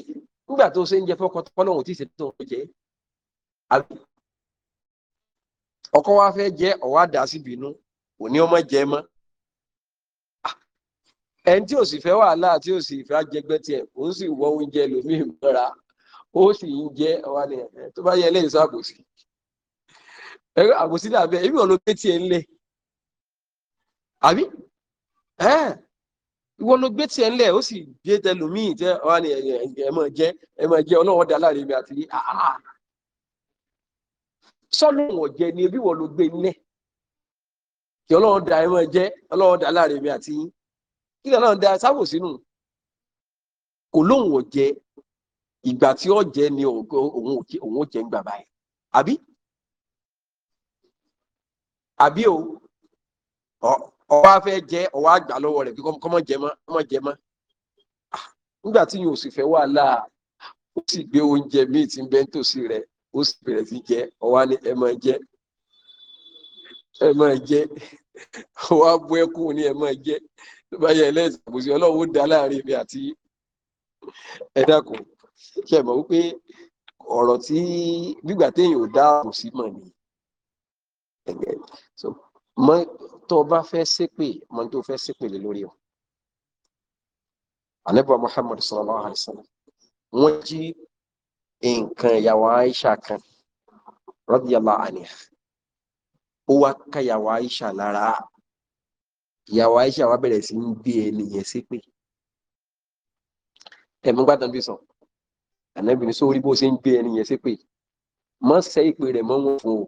nígbà tó ṣe ń jẹ fọkọ tọ́lọ́hún tí ìṣètò tó ń jẹ àbí ọkọ wa fẹ́ jẹ́ ọ̀wá dà síbi inú òní ọmọ jẹ mọ́ ẹni tí ò sì fẹ́ wàhálà tí ò sì fẹ́ jẹgbẹ́ tiẹ̀ òun sì wọ oúnjẹ lómi mọ́ra ó sì ń jẹ́ ọwá ni ẹ̀ tó bá yẹ lẹ́yìn sọ àbòsí àbòsí dàbẹ́ èmi ò gbé tiẹ̀ ńlẹ̀ àbí ìwọ ló gbé tiẹ̀ ńlẹ̀ ó sì gbé ẹ mọ̀ jẹ́ mi àti ah, ah, ah. ni kí lọ́nà da sábò sínú kò lóun ò jẹ ìgbà tí ó jẹ ni òun ò jẹ ń gbà báyìí àbí àbí o ọwọ́ afẹ́ jẹ ọwọ́ àgbà lọ́wọ́ rẹ̀ kọ́ mọ́ jẹ mọ́ mọ́ jẹ mọ́ ah, nígbà tí yóò sì fẹ́ wàhálà ó sì gbé oúnjẹ míì tí ń bẹ nítòsí rẹ̀ ó sì bẹ̀rẹ̀ sí jẹ ọwọ́ ni ẹ máa jẹ ẹ máa jẹ ọwọ́ abọ́ ẹkún ni ẹ máa jẹ tó bá yẹ ẹlẹ́sìn àbòsí ọlọ́run ó da láàrin mi àti ẹ dákun ṣe mọ̀ wípé ọ̀rọ̀ tí gbígbà téèyàn ò dá àbòsí mọ̀ ni mọ tó bá fẹ́ ṣépè mọ tó fẹ́ ṣépè lé lórí o anabiwa Muhammad sallallahu alaihi wasallam wọ́n jí nǹkan ìyàwó Aisha kan radiyallahu anha ó wá káyàwó Aisha lára ìyàwó Aisha wa bẹ̀rẹ̀ sí ń gbé ẹni yẹn ṣépè ẹ̀mú gbàdán bí sọ ànábì ní sórí bó ṣe ń gbé ẹni yẹn ṣépè mọ́ sẹ́ ìpè rẹ̀ mọ́ wọn fún o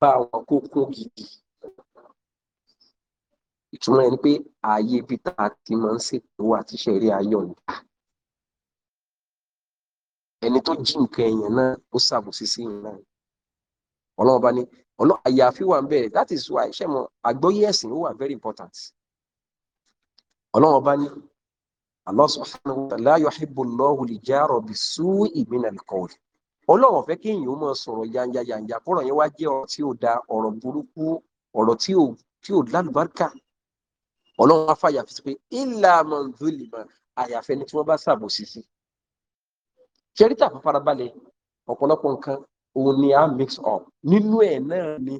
bá àwọn kókó gidi ìtumọ̀ ẹni pé ààyè ibi tá a ti máa ń ṣètò àtiṣe rí ayọ̀ níta ẹni tó jí nǹkan ẹ̀yàn náà ó ṣàbòsí sí ìran ọlọ́run bá ní ọ̀nà àyàfi wà ń bẹ̀rẹ̀ that is why ṣẹ́mo àgbọ́yé ẹ̀sìn ó wà very important ọlọ́run ọba ní Allah subhanahu wa ta'ala la yuhibbu Allahu al-jara bis-su'i mina al-qawl ọlọ́run fẹ́ kí èèyàn máa sọ̀rọ̀ yanjayanja kọ́rọ̀ yẹn wá jẹ́ ọ̀rọ̀ tí ò da ọ̀rọ̀ burúkú ọ̀rọ̀ tí ò tí ò lálùbáríkà ọlọ́run afáyà fi pé illa man zulima àyàfẹ́ni tí wọ́n bá ṣàbòsí sí ṣẹ́rítà farabalẹ̀ ọ̀pọ̀lọpọ̀ nǹkan òun ni a mix up nínú ẹ̀ náà ni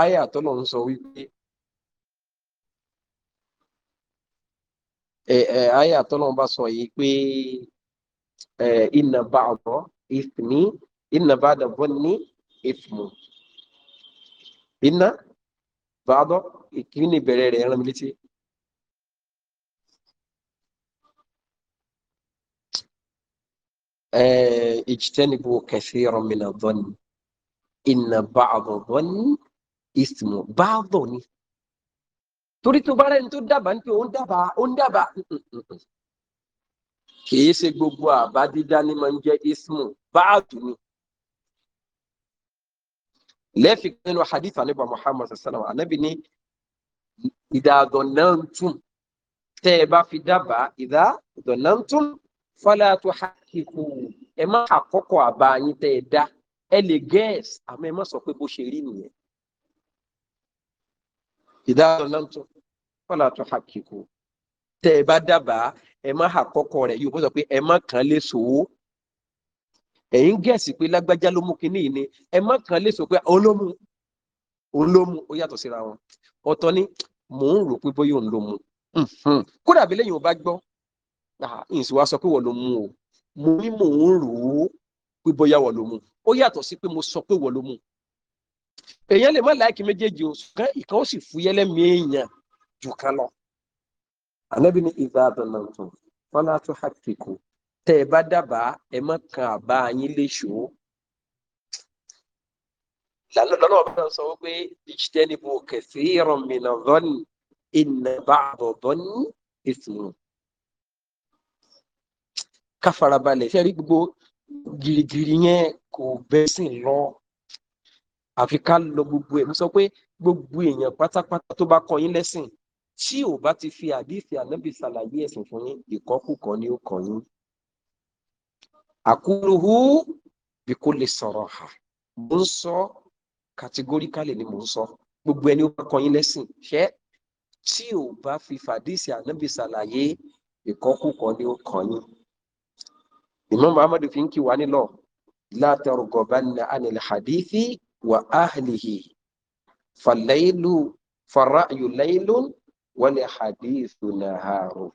aya tọ́lọ̀ ń sọ wípé aya tọ́lọ̀ bá sọ yìí pé inna ba'da ithmi inna ba'da bunni ithmu inna ba'da ìkíni bẹ̀rẹ̀ rẹ̀ ẹran mi létí اجتنبوا كثيرا من الظن إن بعض الظن إثم بعض ni torí tó bá rẹ̀ ní tó dábàá ní pé ó ń dábàá ó ń dábàá kìí ṣe gbogbo àbá dídá ni máa ń jẹ́ ismu báàtù ni lẹ́ẹ̀fì nínú hadith anábà Muhammad sallam anábì ní ìdàdọ̀nàntún tẹ́ ẹ bá fi dábàá ìdàdọ̀nàntún fala tuhad ipò wò ẹ má àkọ́kọ́ àbá yín tẹ́ ẹ dá ẹ lè gẹ́ẹ̀sì àmọ́ ẹ má sọ pé bó ṣe rí nìyẹn. ìdáhùn náà tó kọ́lá tó hàkìkù tẹ́ ẹ bá dábàá ẹ má àkọ́kọ́ rẹ̀ yóò sọ pé ẹ má kàn lè sòwò ẹ̀yin gẹ̀ẹ́sì pé lágbájá ló mú kinní yìí ni ẹ má kàn lè sọ pé òun ló ó yàtọ̀ síra wọn ọ̀tọ̀ ni mò ń rò pé bóyá òun ló mú kódà bí lẹ́yìn ò bá gbọ́ ìsìn wa sọ pé wọ́n ló mú o mo ní mò ń rò ó pé bóyá wọ̀ ló mu ó yàtọ̀ sí pé mo sọ pé wọ̀ ló mu èèyàn lè má láìkí méjèèjì o ṣùgbọ́n ìkan ó sì fúyẹ́ lẹ́mìí èèyàn jù kan lọ. ànábì ní ìgbà àdánà tó fọlá tó hàkìkù tẹ ẹ bá dábàá ẹ má kan àbá yín léṣo. lọ́nà ọ̀bẹ sọ wípé ìṣtẹ́nibù kẹsì ìrọ̀mìnà lọ́nì ìnàbà àbọ̀bọ̀ ìsìn ká farabalẹ̀ ṣe rí gbogbo girigiri yẹn kò bẹ́sìn lọ àfi ká lọ gbogbo ẹ̀ mo sọ pé gbogbo èèyàn pátápátá tó bá kọ yín lẹ́sìn tí ò bá ti fi àdífì ànábì ṣàlàyé ẹ̀sìn fún yín ìkọ́kùkọ́ ni ó kọ yín. àkúrúhú bí kò lè sọ̀rọ̀ hà mo ń sọ kàtígóríkálì ni mo ń sọ gbogbo ẹni ó bá kọ yín lẹ́sìn ṣẹ́ tí ò bá fi fàdísì ànábì ṣàlàyé ìkọ́kùkọ́ ni ó kọ yín. Imam Ahmad fi ń kí wa nílọ la targhabanna anil hadithi wa ahlihi falaylu fara'yu laylun wal hadithu naharu.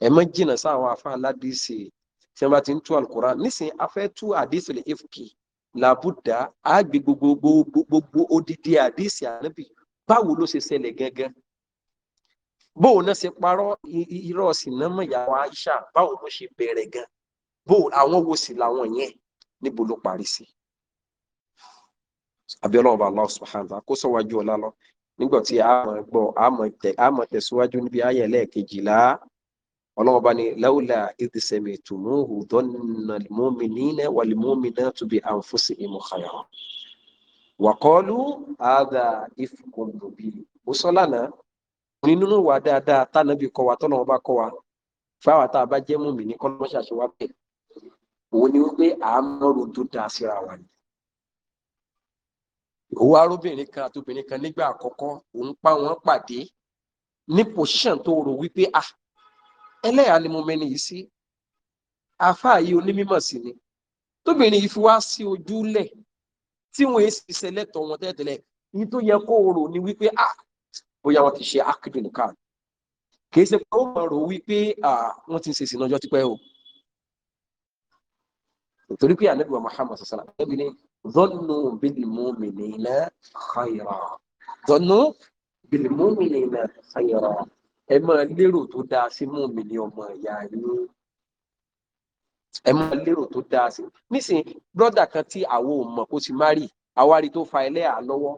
ẹ má jìnnà sáwọn afá aládìsí tí wọ́n bá ti ń tú Al-Qur'an nísìnyí afẹ́ tú hadithul ifki làbúdà àgbè gbogbogbò odidi hadisi ànábì báwo ló ṣe ṣẹlẹ̀ gangan bóun náà ṣe parọ́ irọ́ ọ̀sìn náà Aisha báwo ló ṣe bẹ̀rẹ̀ gan bó àwọn wo sì làwọn yẹn níbo ló parí sí abiola ọba allah subhanahu wa kó sọwájú ọlá lọ nígbà tí a mọ gbọ́ a mọ tẹ̀síwájú níbi ayẹ lẹ́ẹ̀kejìlá ọlọ́wọ́ba ni láwùlà ìdísẹ̀mì tùmùhù dọ́nà lìmọ́mìnínà wà lìmọ́mìnà tó bí àǹfọ̀sì ìmọ̀ kàyọ̀ wàkọ́lù àdà ìfúkọ̀ ó sọ lánàá nínú wa dáadáa tánàbí kọ́ tọ́nà ọba kọ́ fáwọn tá a ní kọ́lọ́mọṣàṣe bẹ́ẹ̀ òun ni wípé àmọ́rò tó dáa síra wa ni. òun arúbìnrin kan àtòbìnrin kan nígbà àkọ́kọ́ òun pa wọ́n pàdé ní pòṣíṣàn tó rò wípé à ah, ẹlẹ́yà ni mo mẹ́ni yìí sí àáfàá yìí onímọ̀ sí ni tóbìnrin yìí fi wá sí ojúlẹ̀ tí wọ́n èsì sẹ́lẹ̀tọ̀ wọn tẹ́tẹ̀lẹ̀ yìí tó yẹ kó rò ní wípé à ah, bóyá wọ́n ti ṣe akíndùn kan kì í ṣe pé ó mọ̀ rò wípé ah, wọ́n ti ń lọ́jọ́ tipẹ́ o torí pé ànábì wa Muhammad sọ̀sọ̀lá ẹbí ni zọ́nù bílmùmìnìlá khayra zọ́nù bílmùmìnìlá khayra ẹ máa lérò tó dáa sí mùmìnì ọmọ ìyá yín ẹ máa lérò tó dáa sí nísìn brọ́dà kan tí àwọn ò mọ̀ kó ti má rí àwárí tó fa ẹlẹ́yà lọ́wọ́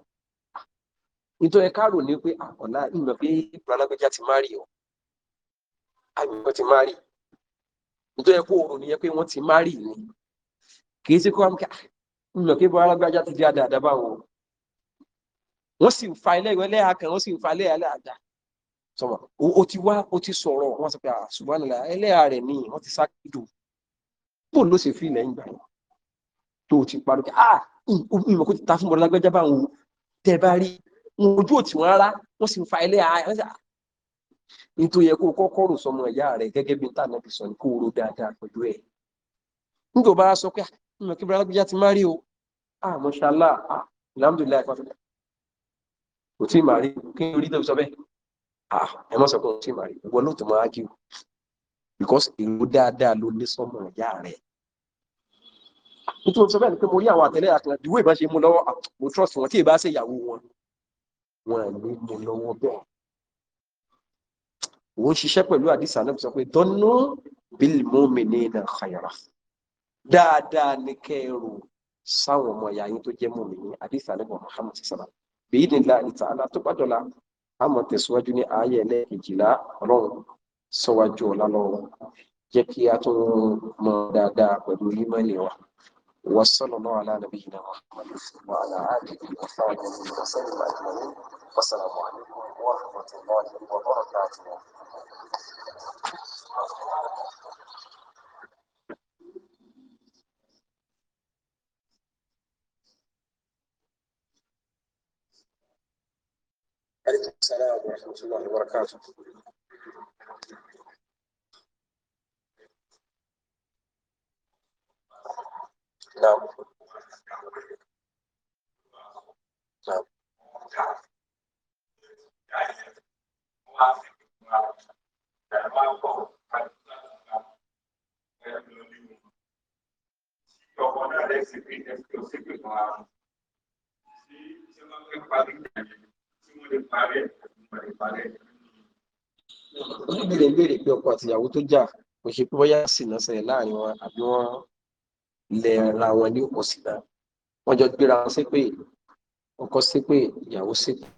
nítorí ká rò ní pé àkànlá ah, ìmọ̀ pé ìbúralágbẹ́já ti má rí o àyùmọ̀ ti má rí nítorí kó o nìyẹn pé wọ́n ti má rí ni kìí sí kó wọn kí lọ ah, kí bọ́lá gbájá ti di àdàdà báwo wọ́n sì ń fa ilé ìwé lẹ́yà kan wọ́n sì ń fa ilé ìyá lẹ́yà sọ̀rọ̀ o ti wá o ti sọ̀rọ̀ wọ́n sọ pé ṣùgbọ́n nílẹ̀ ẹlẹ́yà rẹ̀ ni wọ́n ti sákìdù bó ló ṣe fi lẹ́yìn gbà wọn tó ti parọ́ kí a ah, ìmọ̀ kó ti ta fún bọ́lá gbájá báwo tẹ́ bá rí wọn ojú òtí wọn rárá wọ́n sì fa ilé ìyá nítorí ah. yẹ kó kọ́kọ́ rò sọmọ ìyá rẹ̀ gẹ́gẹ́ bí tànàbí sọ ní kó ro dáadáa pẹ̀lú ẹ̀ nígbà bá sọ pé mo kí bàbá gbéjà ti má rí o ah mọṣálá ah alhamdulilayi pàtàkì kò tí ì má rí kí n rí tóbi sọ bẹ́ẹ̀ ah ẹ má sọ pé kò tí ì má rí ìwọ ló tó máa jíwò because èrò dáadáa ló ní sọmọ ìyá rẹ nítorí sọ bẹ́ẹ̀ ni pé mo rí àwọn àtẹlẹ àkànlá ìdíwọ́ ìbá ṣe mú lọ́wọ́ ah, mo trust wọn tí ì bá ṣe ìyàwó wọn wọn à ní mú lọ́wọ́ bẹ́ẹ̀ òun ṣiṣẹ́ pẹ̀lú àdìsá náà sọ pé dọ́nà bílímù mi ní ìlànà kàyàrà dáadáa ní kẹrù sáwọn ọmọ ìyá yín tó jẹ́ mọ̀mí ní àdìsá nígbà Muhammad sàlá bíi nílá ìta àlá tó gbàdọ̀la a mọ̀ tẹ̀síwájú ní ààyè ẹlẹ́ẹ̀kejìlá ọlọ́run sọ́wájú ọ̀la lọ́wọ́ jẹ́ kí a tún mọ dáadáa pẹ̀lú yímọ̀lẹ̀ wa wasallallahu ala nabiyyina Muhammad wa ala alihi wa sahbihi wa sallam ajma'in wassalamu alaikum wa rahmatullahi wa barakatuh عليكم السلام ورحمة الله وبركاته نعم نعم Ọ̀pọ̀ náà lẹ́sìn pé ẹ̀sìn tó ṣe pé kan àrùn. Ṣé ṣé máa ń fẹ́ parí ìdájọ́? wọ́n lè parẹ́ wọ́n lè parẹ́. oníbèrè ń béèrè pé ọkọ àtìyàwó tó jà kò ṣe pé bóyá ṣìnà ṣẹlẹ̀ láàrin wọn àbí wọ́n lè ra wọn ní ọkọ ṣìnà wọ́n jọ gbéra wọn ṣépè ọkọ ṣépè ìyàwó ṣépè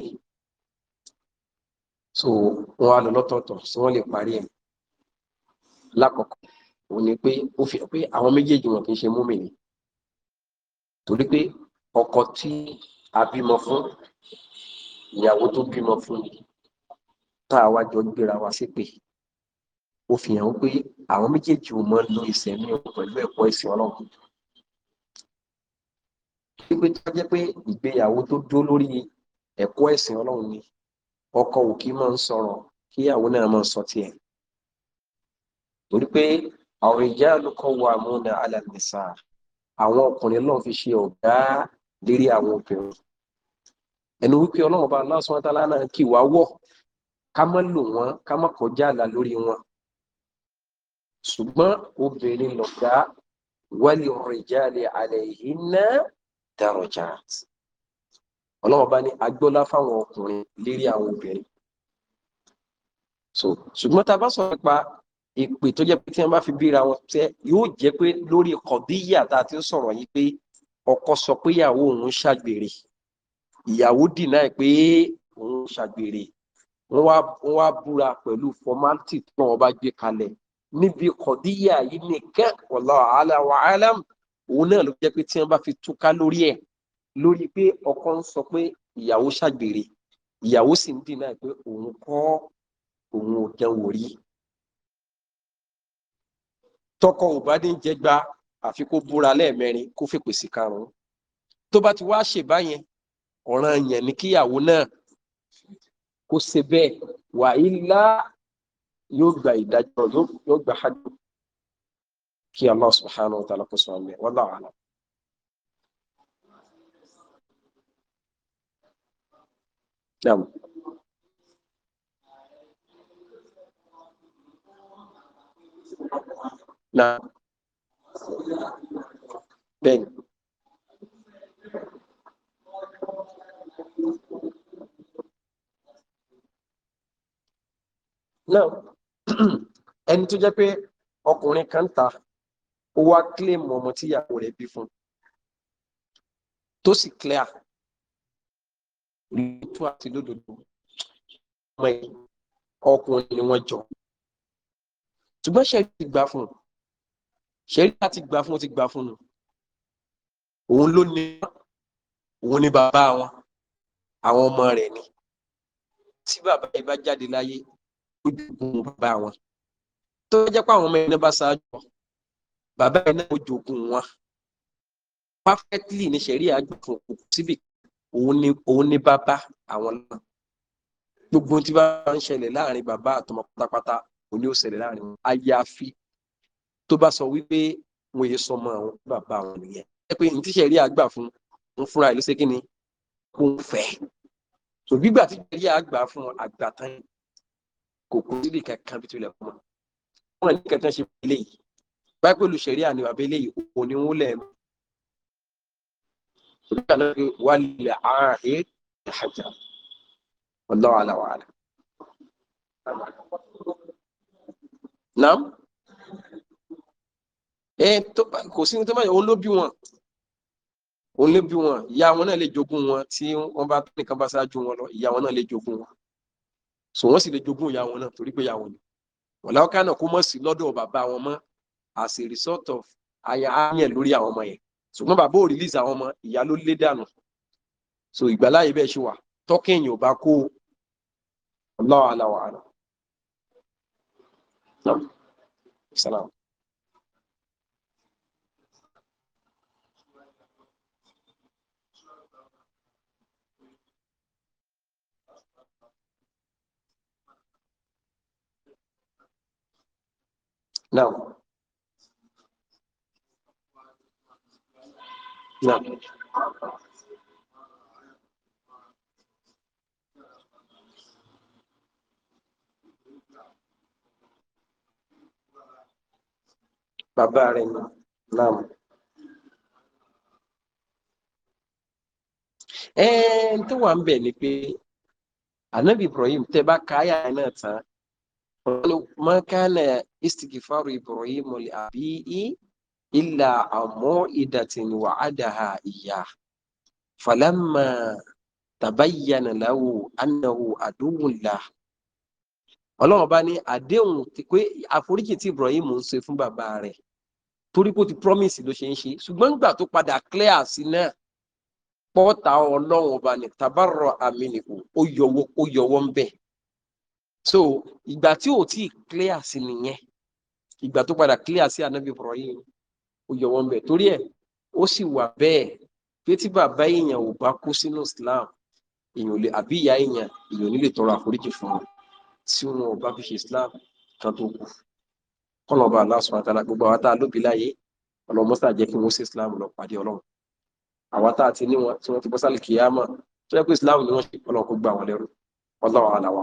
so wọ́n á lọ lọ́tọ̀ọ̀tọ̀ so wọ́n lè parí ẹ̀ lákọ̀ọ́kọ́ òun ni pé ó fi hàn pé àwọn méjèèjì wọn kì í ṣe múmi ni torí pé ọkọ tí a bímọ fún ìyàwó tó bímọ fún mi tá a wá jọ gbéra wa ṣépè ó fi hàn pé àwọn méjèèjì ò mọ lo ìsẹ̀mí o pẹ̀lú ẹ̀kọ́ ìsìn ọlọ́run wípé tó jẹ́ pé ìgbéyàwó tó dó lórí ẹ̀kọ́ ẹ̀sìn ọlọ́run ni ọkọ ò kí máa ń sọ̀rọ̀ kíyàwó náà máa ń sọ tiẹ̀ torí pé àwọn ìjà lóko wà múna alàmìsà àwọn ọkùnrin náà fi ṣe ọ̀gá lérí àwọn obìnrin ẹnu wípé ọlọ́run bá Allah subhanahu wa ta'ala náà kì wá wọ̀ ká má lò wọ́n ká má kọjá àlà lórí wọn ṣùgbọ́n obìnrin lọ̀gá wálé rijali alayhinna darajat ọlọ́run bá ní agbọ́lá fáwọn ọkùnrin lérí àwọn obìnrin so ṣùgbọ́n tá a bá sọ nípa ìpè tó jẹ́ pé tí wọ́n bá fi bíra wọn tẹ́ yóò jẹ́ pé lórí kọ̀díyà tá a ti ń sọ̀rọ̀ yìí pé ọkọ sọ pé ìyàwó òun ṣàgbèrè ìyàwó dìnnà ẹ̀ pé òun ṣàgbèrè wọ́n wá wọ́n wá búra pẹ̀lú fọmálítì tí wọ́n bá gbé kalẹ̀ níbi kọ̀díyà yìí nìkan wallahu a'lam wa a'lam òun náà ló jẹ́ pé tí wọ́n bá fi túká lórí ẹ̀ lórí pé ọkọ ń sọ pé ìyàwó ṣàgbèrè ìyàwó sì ń dìnnà ẹ̀ pé òun kọ́ òun ò dán wò rí tọkọ ò bá ní jẹgba àfi kó búra lẹ́ẹ̀mẹrin kó fèpè karùnún tó bá ti wá ṣèbá yẹn ọ̀ràn yẹn ní kíyàwó náà kó ṣe bẹ́ẹ̀ wà í lá yóò gba ìdájọ́ yóò gba hajj kí Allah subhanahu wa ta'ala kó sọ àmì wallahu a'lam. na Naam náà ẹni tó jẹ́ pé ọkùnrin kan ta ó wá kílèmù ọmọ tí ìyàwó rẹ̀ bí fún tó sì clear lóòótọ́ àti lódodo ọmọ yìí ọkùnrin ni wọ́n jọ ṣùgbọ́n ṣẹ́rí ti gbà fún un ṣẹ́rí láti gbà fún un ti gbà fún un òun ló ní òun ní bàbá wọn àwọn ọmọ rẹ̀ ni tí bàbá yìí bá jáde láyé ojúkun bàbá wọn tó jẹ́ pé àwọn ọmọ ẹni bá ṣáájú bàbá yìí náà ojúkun wọn perfectly ní sẹ̀rí àjọkùn òkùnkùn síbi òun ní bàbá àwọn náà gbogbo tí bá ń ṣẹlẹ̀ láàrin bàbá àtọmọ pátápátá òun ni ó ṣẹlẹ̀ láàrin wọn àyàfi tó bá sọ wípé wọn yé sọmọ àwọn bàbá àwọn nìyẹn ẹ pé ní tíṣẹ̀rí àgbà fún un fúnra ìlú ṣe kí ni kò ń fẹ́ so gbígbà tí jẹ̀rí àgbà fún àgbà tán kò kó sílé kankan bí tó lẹ̀ fún wọn wọn ní kankan ṣe bẹ́lẹ̀ yìí báyìí pẹ̀lú ṣẹ̀rí àníwá bẹ́lẹ̀ yìí òun ni wọ́n lẹ̀ mọ́ nígbà náà pé wà lẹ̀ ààrẹ ìhàjà wallahu ala wa ala. nam ẹ kò sí ní tó bá yẹ olóbi wọn òun ló bí wọn ìyá wọn náà lè jogún wọn tí wọn bá nìkan bá ṣáájú wọn lọ ìyá wọn náà lè jogún wọn so wọn sì lè jogún ìyá wọn náà torí pé ìyá wọn ni wọláwọ kánà kó mọ sí lọ́dọ̀ bàbá wọn mọ as a result of aya aniel lórí àwọn ọmọ yẹn ṣùgbọ́n bàbá ò release àwọn ọmọ ìyá ló lé dànù so ìgbàláyé bẹ́ẹ̀ ṣe wà tọkẹyìn ò bá kó Allahu aláwọ não não babarin não ni naam. ẹ̀ẹ́n tó wà ń bẹ̀ ni pé anabi Ibrahim tẹ́ bá ka àyà náà tán قالوا ما كان استغفار إبراهيم لأبيه إلا عن موعدة وعدها إياه فلما تبين له أنه عدو له ọlọ́run bá ní àdéhùn pé àforíjì tí Ibrahim ń ṣe fún bàbá rẹ̀ torí pé ó ti promise ló ṣe ń ṣe ṣùgbọ́n nígbà tó padà clear sí náà pọ́ta ọlọ́run ọba ní tabarọ àmì nìkú ó yọwọ́ ń bẹ̀ so ìgbà tí ò tí clear sí nìyẹn ìgbà tó padà clear sí anabi Ibrahim ó yọ wọn bẹ́ẹ̀ torí ẹ̀ ó sì wà bẹ́ẹ̀ pé tí bàbá èèyàn ò bá kú sínú Islam èèyàn lè àbí ìyá èèyàn èèyàn nílè tọrọ àforíjì fún wọn tí wọn ò bá fi ṣe Islam kan tó kù kọlọ ọba Allah subhanahu gbogbo àwọn tá a lóbi láyé ọlọmọsà jẹ kí wọn ṣe Islam lọ pàdé Ọlọ́run àwọn tá a ti ní wọn tí wọn ti bọ sálì kìyàmọ tó yẹ kó Islam ni wọn ṣe Ọlọ́run kó gbà wọn lẹ́rú Wallahu a'lam wa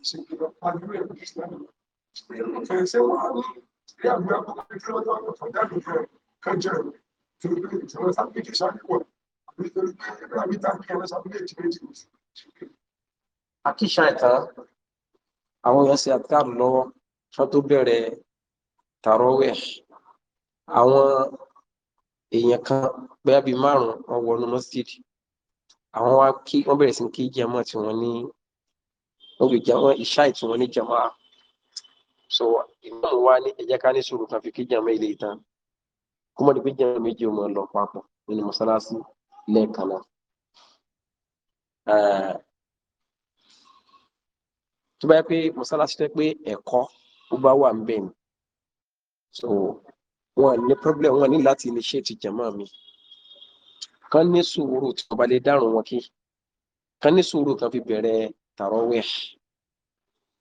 Fẹ̀sẹ̀ wà ní ilé àgbẹ̀ àkọ́kọ́ ní kí lọ́jọ́ ọ̀dọ̀ fọ̀dá lòdọ̀ kẹjọ rẹ̀ torí pé ìṣẹ̀lẹ̀ sábìlì ṣàkíwọ̀ àbí torí pé ìgbà mítà kí ẹ̀rọ sábìlì èjì méjì oṣù. Akíṣà ìta, àwọn èèyàn ṣe àtàrù lọ́wọ́ ṣọ́ tó bẹ̀rẹ̀ tàrọ́wẹ̀. Àwọn èèyàn kan bóyá bíi márùn-ún wọ́n wọnú mọ́sídìí. Àwọn wá kí wọ́n bẹ̀rẹ̀ sí kí jẹ́mọ́ tí wọ́n ní lórí jama ìṣá ìtumọ̀ ní jama so ìmọ̀ wa ní ẹ̀jẹ̀ ká ní sùúrù kan fi kí jama ilé ìtàn kó mọ̀ ní pé jama méjì ó mọ̀ lọ papọ̀ nínú mọ́sálásí lẹ́ẹ̀kan náà tó bá yẹ pé mọ́sálásí tẹ́ pé ẹ̀kọ́ ó bá wà ń bẹ̀ ni so wọn ní problem wọn ní láti initiate jama mi kan ní sùúrù tí wọn bá lè dárun wọn kí kan ní sùúrù kan fi bẹ̀rẹ̀ tàrọ́wẹ̀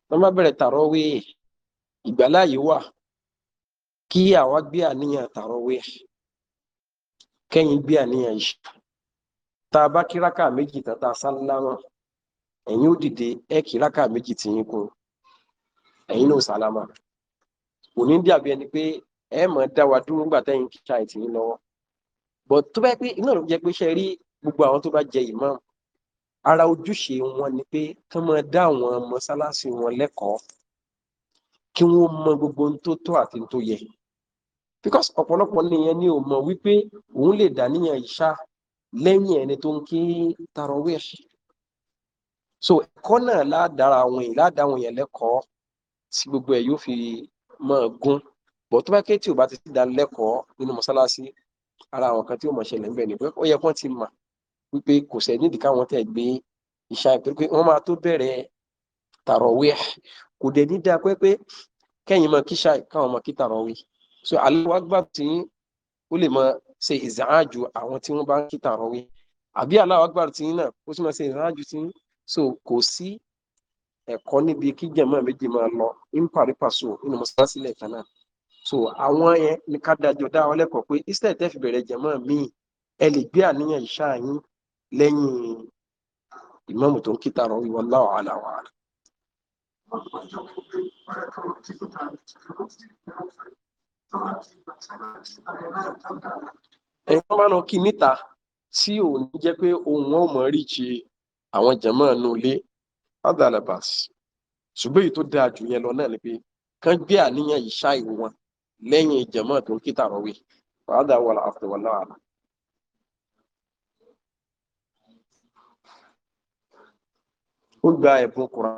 wọ́n bá bẹ̀rẹ̀ tàrọ́wẹ̀ ìgbàláyé wà kí àwa gbé àníyàn tàrọ́wẹ̀ kẹ́yìn gbé àníyàn ìṣù tá a bá kíráka méjì tá a sálámà ẹ̀yin ó dìde ẹ̀ kíráka méjì tí yín kún ẹ̀yin náà sálámà òní dàbí ẹni pé ẹ mọ̀ dá wa dúró nígbà tẹ́yìn kíkà ìtì yín lọ́wọ́ bọ̀ tó bá pé iná ló rí gbogbo àwọn tó bá jẹ ara ojúṣe wọn ni pé kán máa dá àwọn mọ́sálásí wọn lẹ́kọ̀ọ́ kí wọ́n mọ gbogbo ohun tó tọ́ àti tó yẹ because ọ̀pọ̀lọpọ̀ nìyẹn ni ò mọ̀ wípé òun lè dá níyàn ìṣá lẹ́yìn ẹni tó ń ké tarawih so ẹ̀kọ́ náà ládàra àwọn èèyàn ládàá àwọn èèyàn lẹ́kọ̀ọ́ tí gbogbo ẹ̀ yóò fi máa gún bọ̀ tó bá ké tí ò bá ti dá lẹ́kọ̀ọ́ nínú mọ́sálásí ara àwọn kan tí ó mọ̀ ṣẹlẹ̀ ń bẹ̀ ni ó yẹ kán ti mọ̀ wípé kò sẹ́ nídìí káwọn tẹ̀ gbé ìṣá ìpè pé wọ́n máa tó bẹ̀rẹ̀ tàrọ̀wé kò dẹ̀ ní dáa pé pé kẹ́yìn mọ kíṣà káwọn mọ kí tàrọ̀wé so aláwọ̀ àgbà tí ó lè mọ ṣe ìzáàjù àwọn tí wọ́n bá ń kí tàrọ̀wé àbí aláwọ̀ àgbà tí náà ó sì mọ ṣe ìzáàjù tí so kò sí ẹ̀kọ́ níbi kí jẹ̀mọ́ méjì máa lọ ń parí nínú mọ́sálásí lẹ́ẹ̀kan náà so àwọn yẹn ní ká dájọ́ dá ọ lẹ́kọ̀ọ́ pé instead tẹ́ fi bẹ̀rẹ̀ jẹ̀mọ́ míì ẹ lè gbé àníyàn ìṣá yín lẹ́yìn ìmáàmù tó ń kí tààrọ̀ wíwọ́ láwọ̀ aláwọ̀ àlà. ẹ̀yin máa ń kí níta tí ò ní jẹ́ pé ohun wọn ò mọ̀ rí ṣe àwọn jẹ̀mọ́ inú ilé adalabas ṣùgbọ́n èyí tó dáa jù yẹn lọ náà ni pé kán gbé àníyàn ìṣá ìwọ̀n lẹ́yìn ìjẹ̀mọ́ tó ń kí tààrọ̀ wí wàhálà wàhálà àfẹ́wàlá àlà. ó gba ẹ̀bùn Quran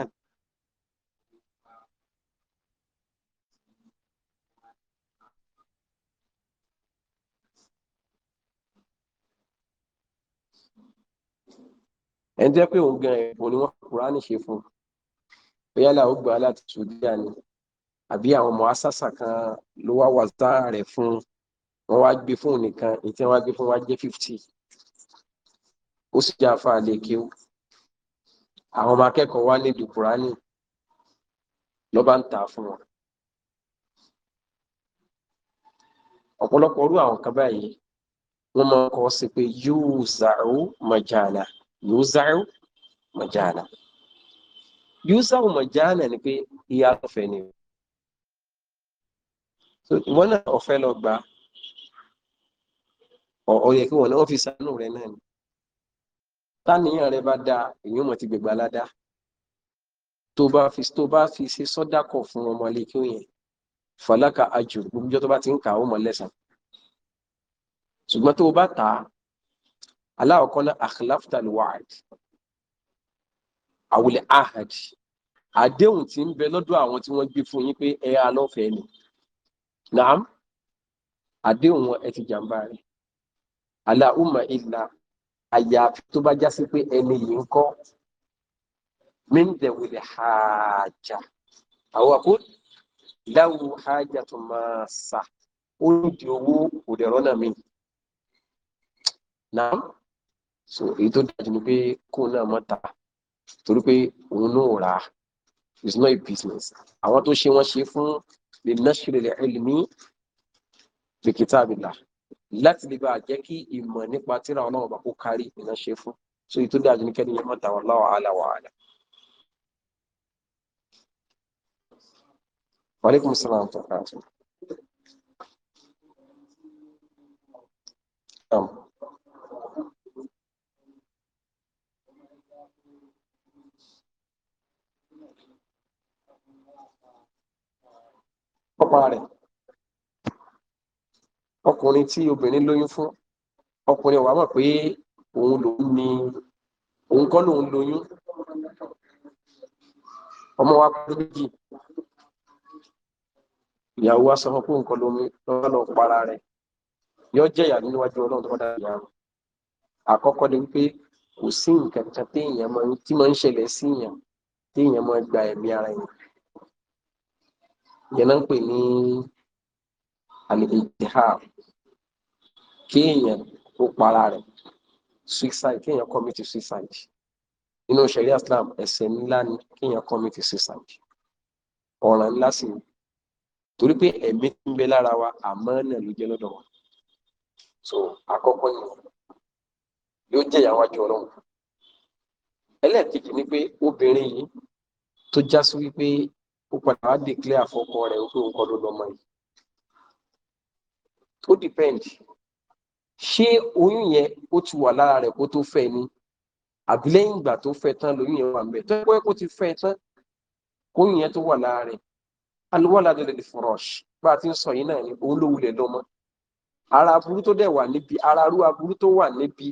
ẹ̀ ń jẹ́ pé òun gan ẹ̀bùn ni wọ́n Quran ṣe fún yálà ó gbà láti sùdíà ni àbí àwọn ọmọ asásà kan ló wá wàzá rẹ̀ fún wọn wá gbé fóun nìkan èyí gbé fún wa jẹ́ fifty ó sì jẹ́ àfa àlè kéwù àwọn ọmọ akẹ́kọ̀ọ́ wá lè dùkùránì lọ bá ń ta fún wọn ọ̀pọ̀lọpọ̀ orú àwọn kan báyìí wọ́n máa kọ́ sí pé yóò zàrú mọ̀jàlá yóò zàrú mọ̀jàlá yóò zàrú mọ̀jàlá ni pé ìyá ọ̀fẹ́ ni ìwọ náà ọ̀fẹ́ lọ gbà ó yẹ kí náà fi sànú rẹ̀ náà ni táníyàn rẹ bá dáa èyàn mọ̀ ti gbègbà ládàá tó bá fi tó bá fi ṣe sọ́dákọ̀ fún ọmọ ilé kí ó yẹn fàlákà àjò gbogbo ọjọ́ tó bá ti ń kà ó mọ̀ lẹ́sàn ṣùgbọ́n tó bá tà á aláwọ̀kọ́ náà àkàláfùtà ló wà áàdì àdéhùn tí ń bẹ lọ́dọ̀ àwọn tí wọ́n gbé fún yín pé ẹ á lọ́fẹ̀ẹ́ ni nàám àdéhùn wọn ẹ ti jàǹbá rẹ̀ aláhùnmá ìlà àyàfi tó bá já sí pé ẹni yìí ń kọ́ míndẹ̀wìlẹ̀ hajà àwọn àkó dáwò hajà tó máa sà ó ń di owó òdẹ̀rọ̀ náà mi náà so èyí tó dájú ni pé kó náà mọ́ ta torí pé òun náà rà á it's not a business àwọn tó ṣe wọ́n ṣe fún lè náṣẹ́rẹ̀ ilmi bi kitabillah láti lè bá jẹ́ kí ìmọ̀ nípa tíra ọlọ́run bá kó kárí ìpínlẹ̀ ṣe fún so èyí tó dájú ní kẹ́ni yẹn mọ̀ta wallahu a'la wa a'la. Wàlékùn sàlám tó ká tó. Ọ̀pá rẹ̀ ọkùnrin tí obìnrin lóyún fún ọkùnrin wàá mọ̀ pé òun lòun ni òun kọ́ lòun lóyún ọmọ wa kú méjì ìyàwó wa sọ fún pé nǹkan lómi lọ́wọ́ lọ para rẹ̀ yọ jẹ̀yà níwájú ọlọ́run tó bá dára ìyá rẹ̀ àkọ́kọ́ ni wípé kò sí nǹkan kan téèyàn máa tí máa ń ṣẹlẹ̀ sí èèyàn téèyàn máa gba ẹ̀mí ara èèyàn ìyẹn náà ń pè ní àlè ìdíhàbù kéèyàn ó para suicide kéèyàn commit suicide nínú sharia Islam ẹ̀ṣẹ̀ ńlá ni kéèyàn suicide ọ̀ràn ńlá sì ẹ̀mí wa àmọ́ náà ló jẹ́ so yóò ìyàwó àjọ ni pé obìnrin yìí tó já sí wípé ó padà wá àfọkọ wípé òun ló depend ṣé oyún yẹn ó ti wà lára rẹ̀ kó tó fẹ́ ni àbí lẹ́yìn ìgbà tó fẹ́ tán lóyún yẹn wà ń bẹ tó pẹ́ kó ti fẹ́ tán kóyún yẹn tó wà lára rẹ̀ aluwaladu lè fọrọṣ bá a ti ń sọ yìí náà ni òun ló wulẹ̀ lọ́mọ ara aburú tó dẹ̀ wà níbi ara arú aburú tó wà níbi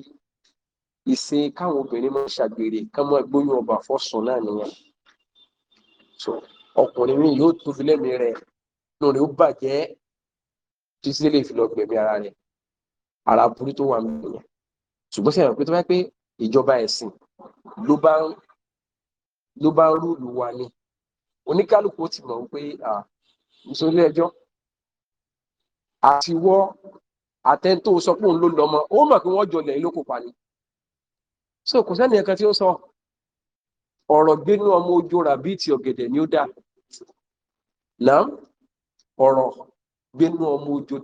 ìṣe káwọn obìnrin máa ń ṣàgbèrè kán gbóyún ọba fọ́sùn náà nìyẹn so ọkùnrin mi yóò tóbi lẹ́mìí rẹ̀ nù rẹ̀ ó bàjẹ́ títí lè fi lọ gbẹ̀mí ara rẹ̀ ara burú tó wà nìyẹn ṣùgbọ́n sẹ́yìn pé tó bá pé ìjọba ẹ̀sìn ló bá ń ló bá ń rúùlù wa ni oníkálukú ti mọ̀ pé ìṣòlẹ̀ ẹjọ́ àti wọ́ àtẹ́ntò sọ pé òun ló lọ́mọ ó mọ̀ pé wọ́n jọlẹ̀ ló kópa ni so kò sẹ́ni ẹ̀kan tí ó sọ ọ̀rọ̀ gbénú ọmọ ojú ràbíìtì ọ̀gẹ̀dẹ̀ ni ó dà náà ọ̀rọ̀ gbénú ọmọ ojú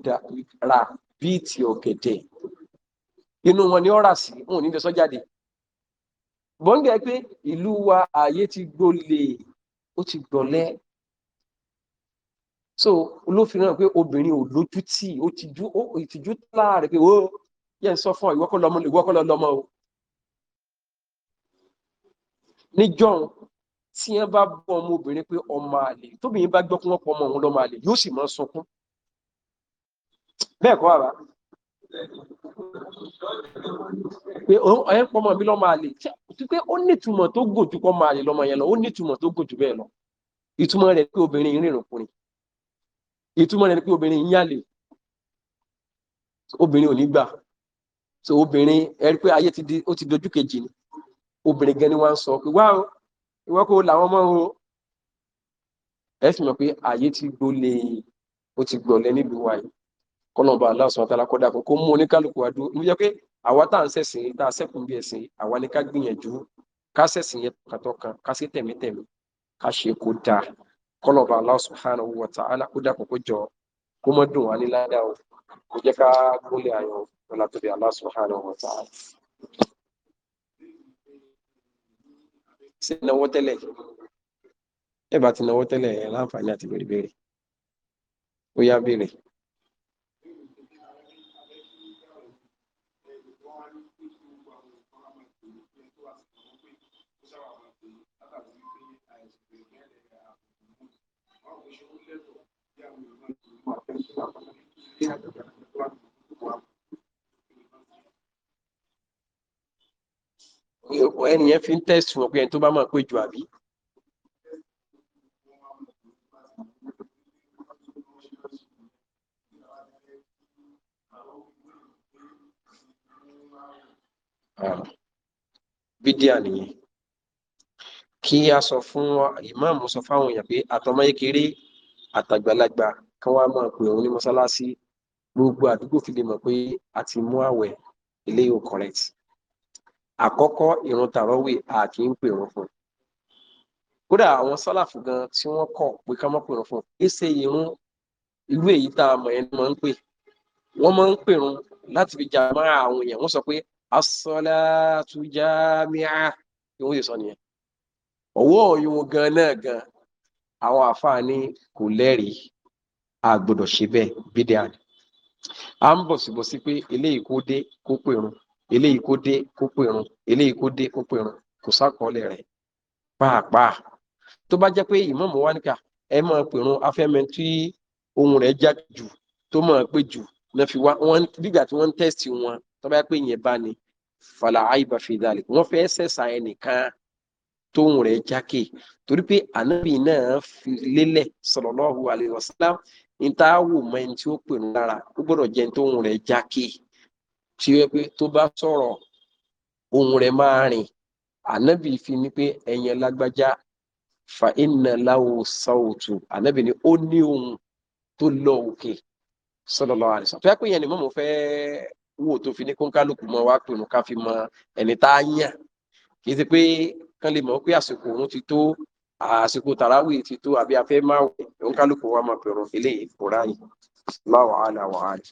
ra bíi ti ọ̀gẹ̀dẹ̀ inú wọn ni ọ̀rà sí wọn ò ní lè sọ jáde bọ́ńgẹ́ pé ìlú wa ààyè ti gbolè ó ti gbọ̀lẹ́ so olófin náà pé obìnrin ò lójú ó ti ju ó ti ju láàrẹ pé ó yẹ ń sọ fún ọ ìwọ́kọ́ lọ́mọ ìwọ́kọ́ lọ́mọ o níjọ́n tí wọ́n bá bọ́ ọmọ obìnrin pé ọmọ àlè tóbìnrin bá gbọ́ pé wọ́n pọ̀ ọmọ òun lọ́mọ àlè yóò sì máa sunkún bẹ́ẹ̀ kọ́ bàbá pé ẹ ń pọmọ mi lọ́mọ àlè tí pé ó nítumọ̀ tó gùn ju pọmọ àlè lọ́mọ yẹn lọ ó nítumọ̀ tó gùn ju bẹ́ẹ̀ lọ ìtumọ̀ rẹ̀ pé obìnrin rìnrìn ọkùnrin ìtumọ̀ rẹ̀ pé obìnrin ń yàlè obìnrin ò ní gbà so obìnrin ẹ rí pé ayé ó ti dojú kejì ni obìnrin gan ni wọ́n ń sọ pé wá o ìwọ kò làwọn ọmọ o ẹ sì mọ̀ pé ayé ti gbolé o ti gbọ̀lẹ́ nílùú wa kọ́nọ̀bà aláṣọ àtàlà kọ́dà kó mú oníkálukú wa dúró níjẹ́ pé àwa tá à ń sẹ̀sìn yìí tá a sẹ́kùn bí ẹ̀sìn àwa ni ká gbìyànjú ká sẹ̀sìn yẹn kàtọ́ kan ká sí tẹ̀mítẹ̀mí ká ṣe kó dáa kọ́nọ̀bà Allah subhanahu wa ta'ala kọ́dà kókó jọ kó mọ́ dùn wá ní o kó jẹ́ ká gúnlẹ̀ ayọ̀ ọ̀là tóbi Allah subhanahu wa ta'ala. ṣé ìnáwó tẹ́lẹ̀ ẹ bá ti náwó tẹ́lẹ̀ láǹfààní àti bèrè bèrè ó yá bèrè. ẹnìyẹn fi ń tẹ̀sùn ọ̀pẹ́ ẹni tó bá máa pé jù àbí. bídíà ah, nìyẹn kí a sọ fún ìmáàmù sọ fáwọn èèyàn pé àtọmọ kékeré àtàgbàlagbà kan wá máa pè òun ní mọ́sálásí gbogbo àdúgbò fi lè mọ̀ pé a ti mú àwẹ̀ eléyìí correct àkọ́kọ́ ìrun tàrọ́wì a kì í pè irun fún kódà àwọn sálàfù gan tí wọ́n kọ̀ pé ká má pè irun fún kì í ṣe irun irú èyí tá a mọ̀ ẹni máa ń pè wọ́n máa ń pèrun láti fi jàmáà àwọn èèyàn wọ́n sọ pé asọ́látú jámíà ni wọ́n yóò sọ nìyẹn ọwọ́ òyìnbó gan náà gan àwọn àfáà kò lẹ́rìí a gbọ́dọ̀ ṣe bẹ́ẹ̀ bídẹ́ àná à ń bọ̀ síbọ̀ sí pé eléyìí kó dé kó pèrun eléyìí kó dé kó pèrun eléyìí kó dé kó pèrun kò sákọọ́lẹ̀ rẹ̀ pàápàá tó bá jẹ́ pé ìmọ̀ọ́mù wá níkà ẹ máa pèrun afẹ́mẹ́ tí ohun rẹ̀ já jù tó máa pé jù náà fi wá wọn nígbà tí wọ́n ń tẹ́sì wọn tó bá pé yẹn bá ní fàlà àìbá fi dálé wọ́n fẹ́ sẹ̀sà ẹnìkan tóhun rẹ̀ jákè torí pé ànábì náà fi lélẹ̀ sallallahu alaihi wasallam ní tá mọ́ ẹni tí ó pèrun lára ó gbọ́dọ̀ jẹ́ tóhun rẹ̀ jákè ṣe wẹ́ pé tó bá sọ̀rọ̀ ohun rẹ̀ máa rìn ànábì fi ni pé ẹ̀yẹn lágbájá fa iná láwo sáwòtú ànábì ni ó ní ohun tó lọ òkè sallallahu alaihi wasallam tó yẹ pé yẹn ni mọ́mọ́ fẹ́ wò tó fi ní kónkálùkù mọ́ wá pinnu ká fi mọ ẹni tá a yàn kì í ṣe pé kán lè mọ̀ pé àsìkò òun ti tó àsìkò tàràwì ti tó àbí afẹ́ máa wẹ̀ kónkálùkù wa máa pẹ̀rọ eléyìí kò ráyè láwàá láwàá rẹ̀.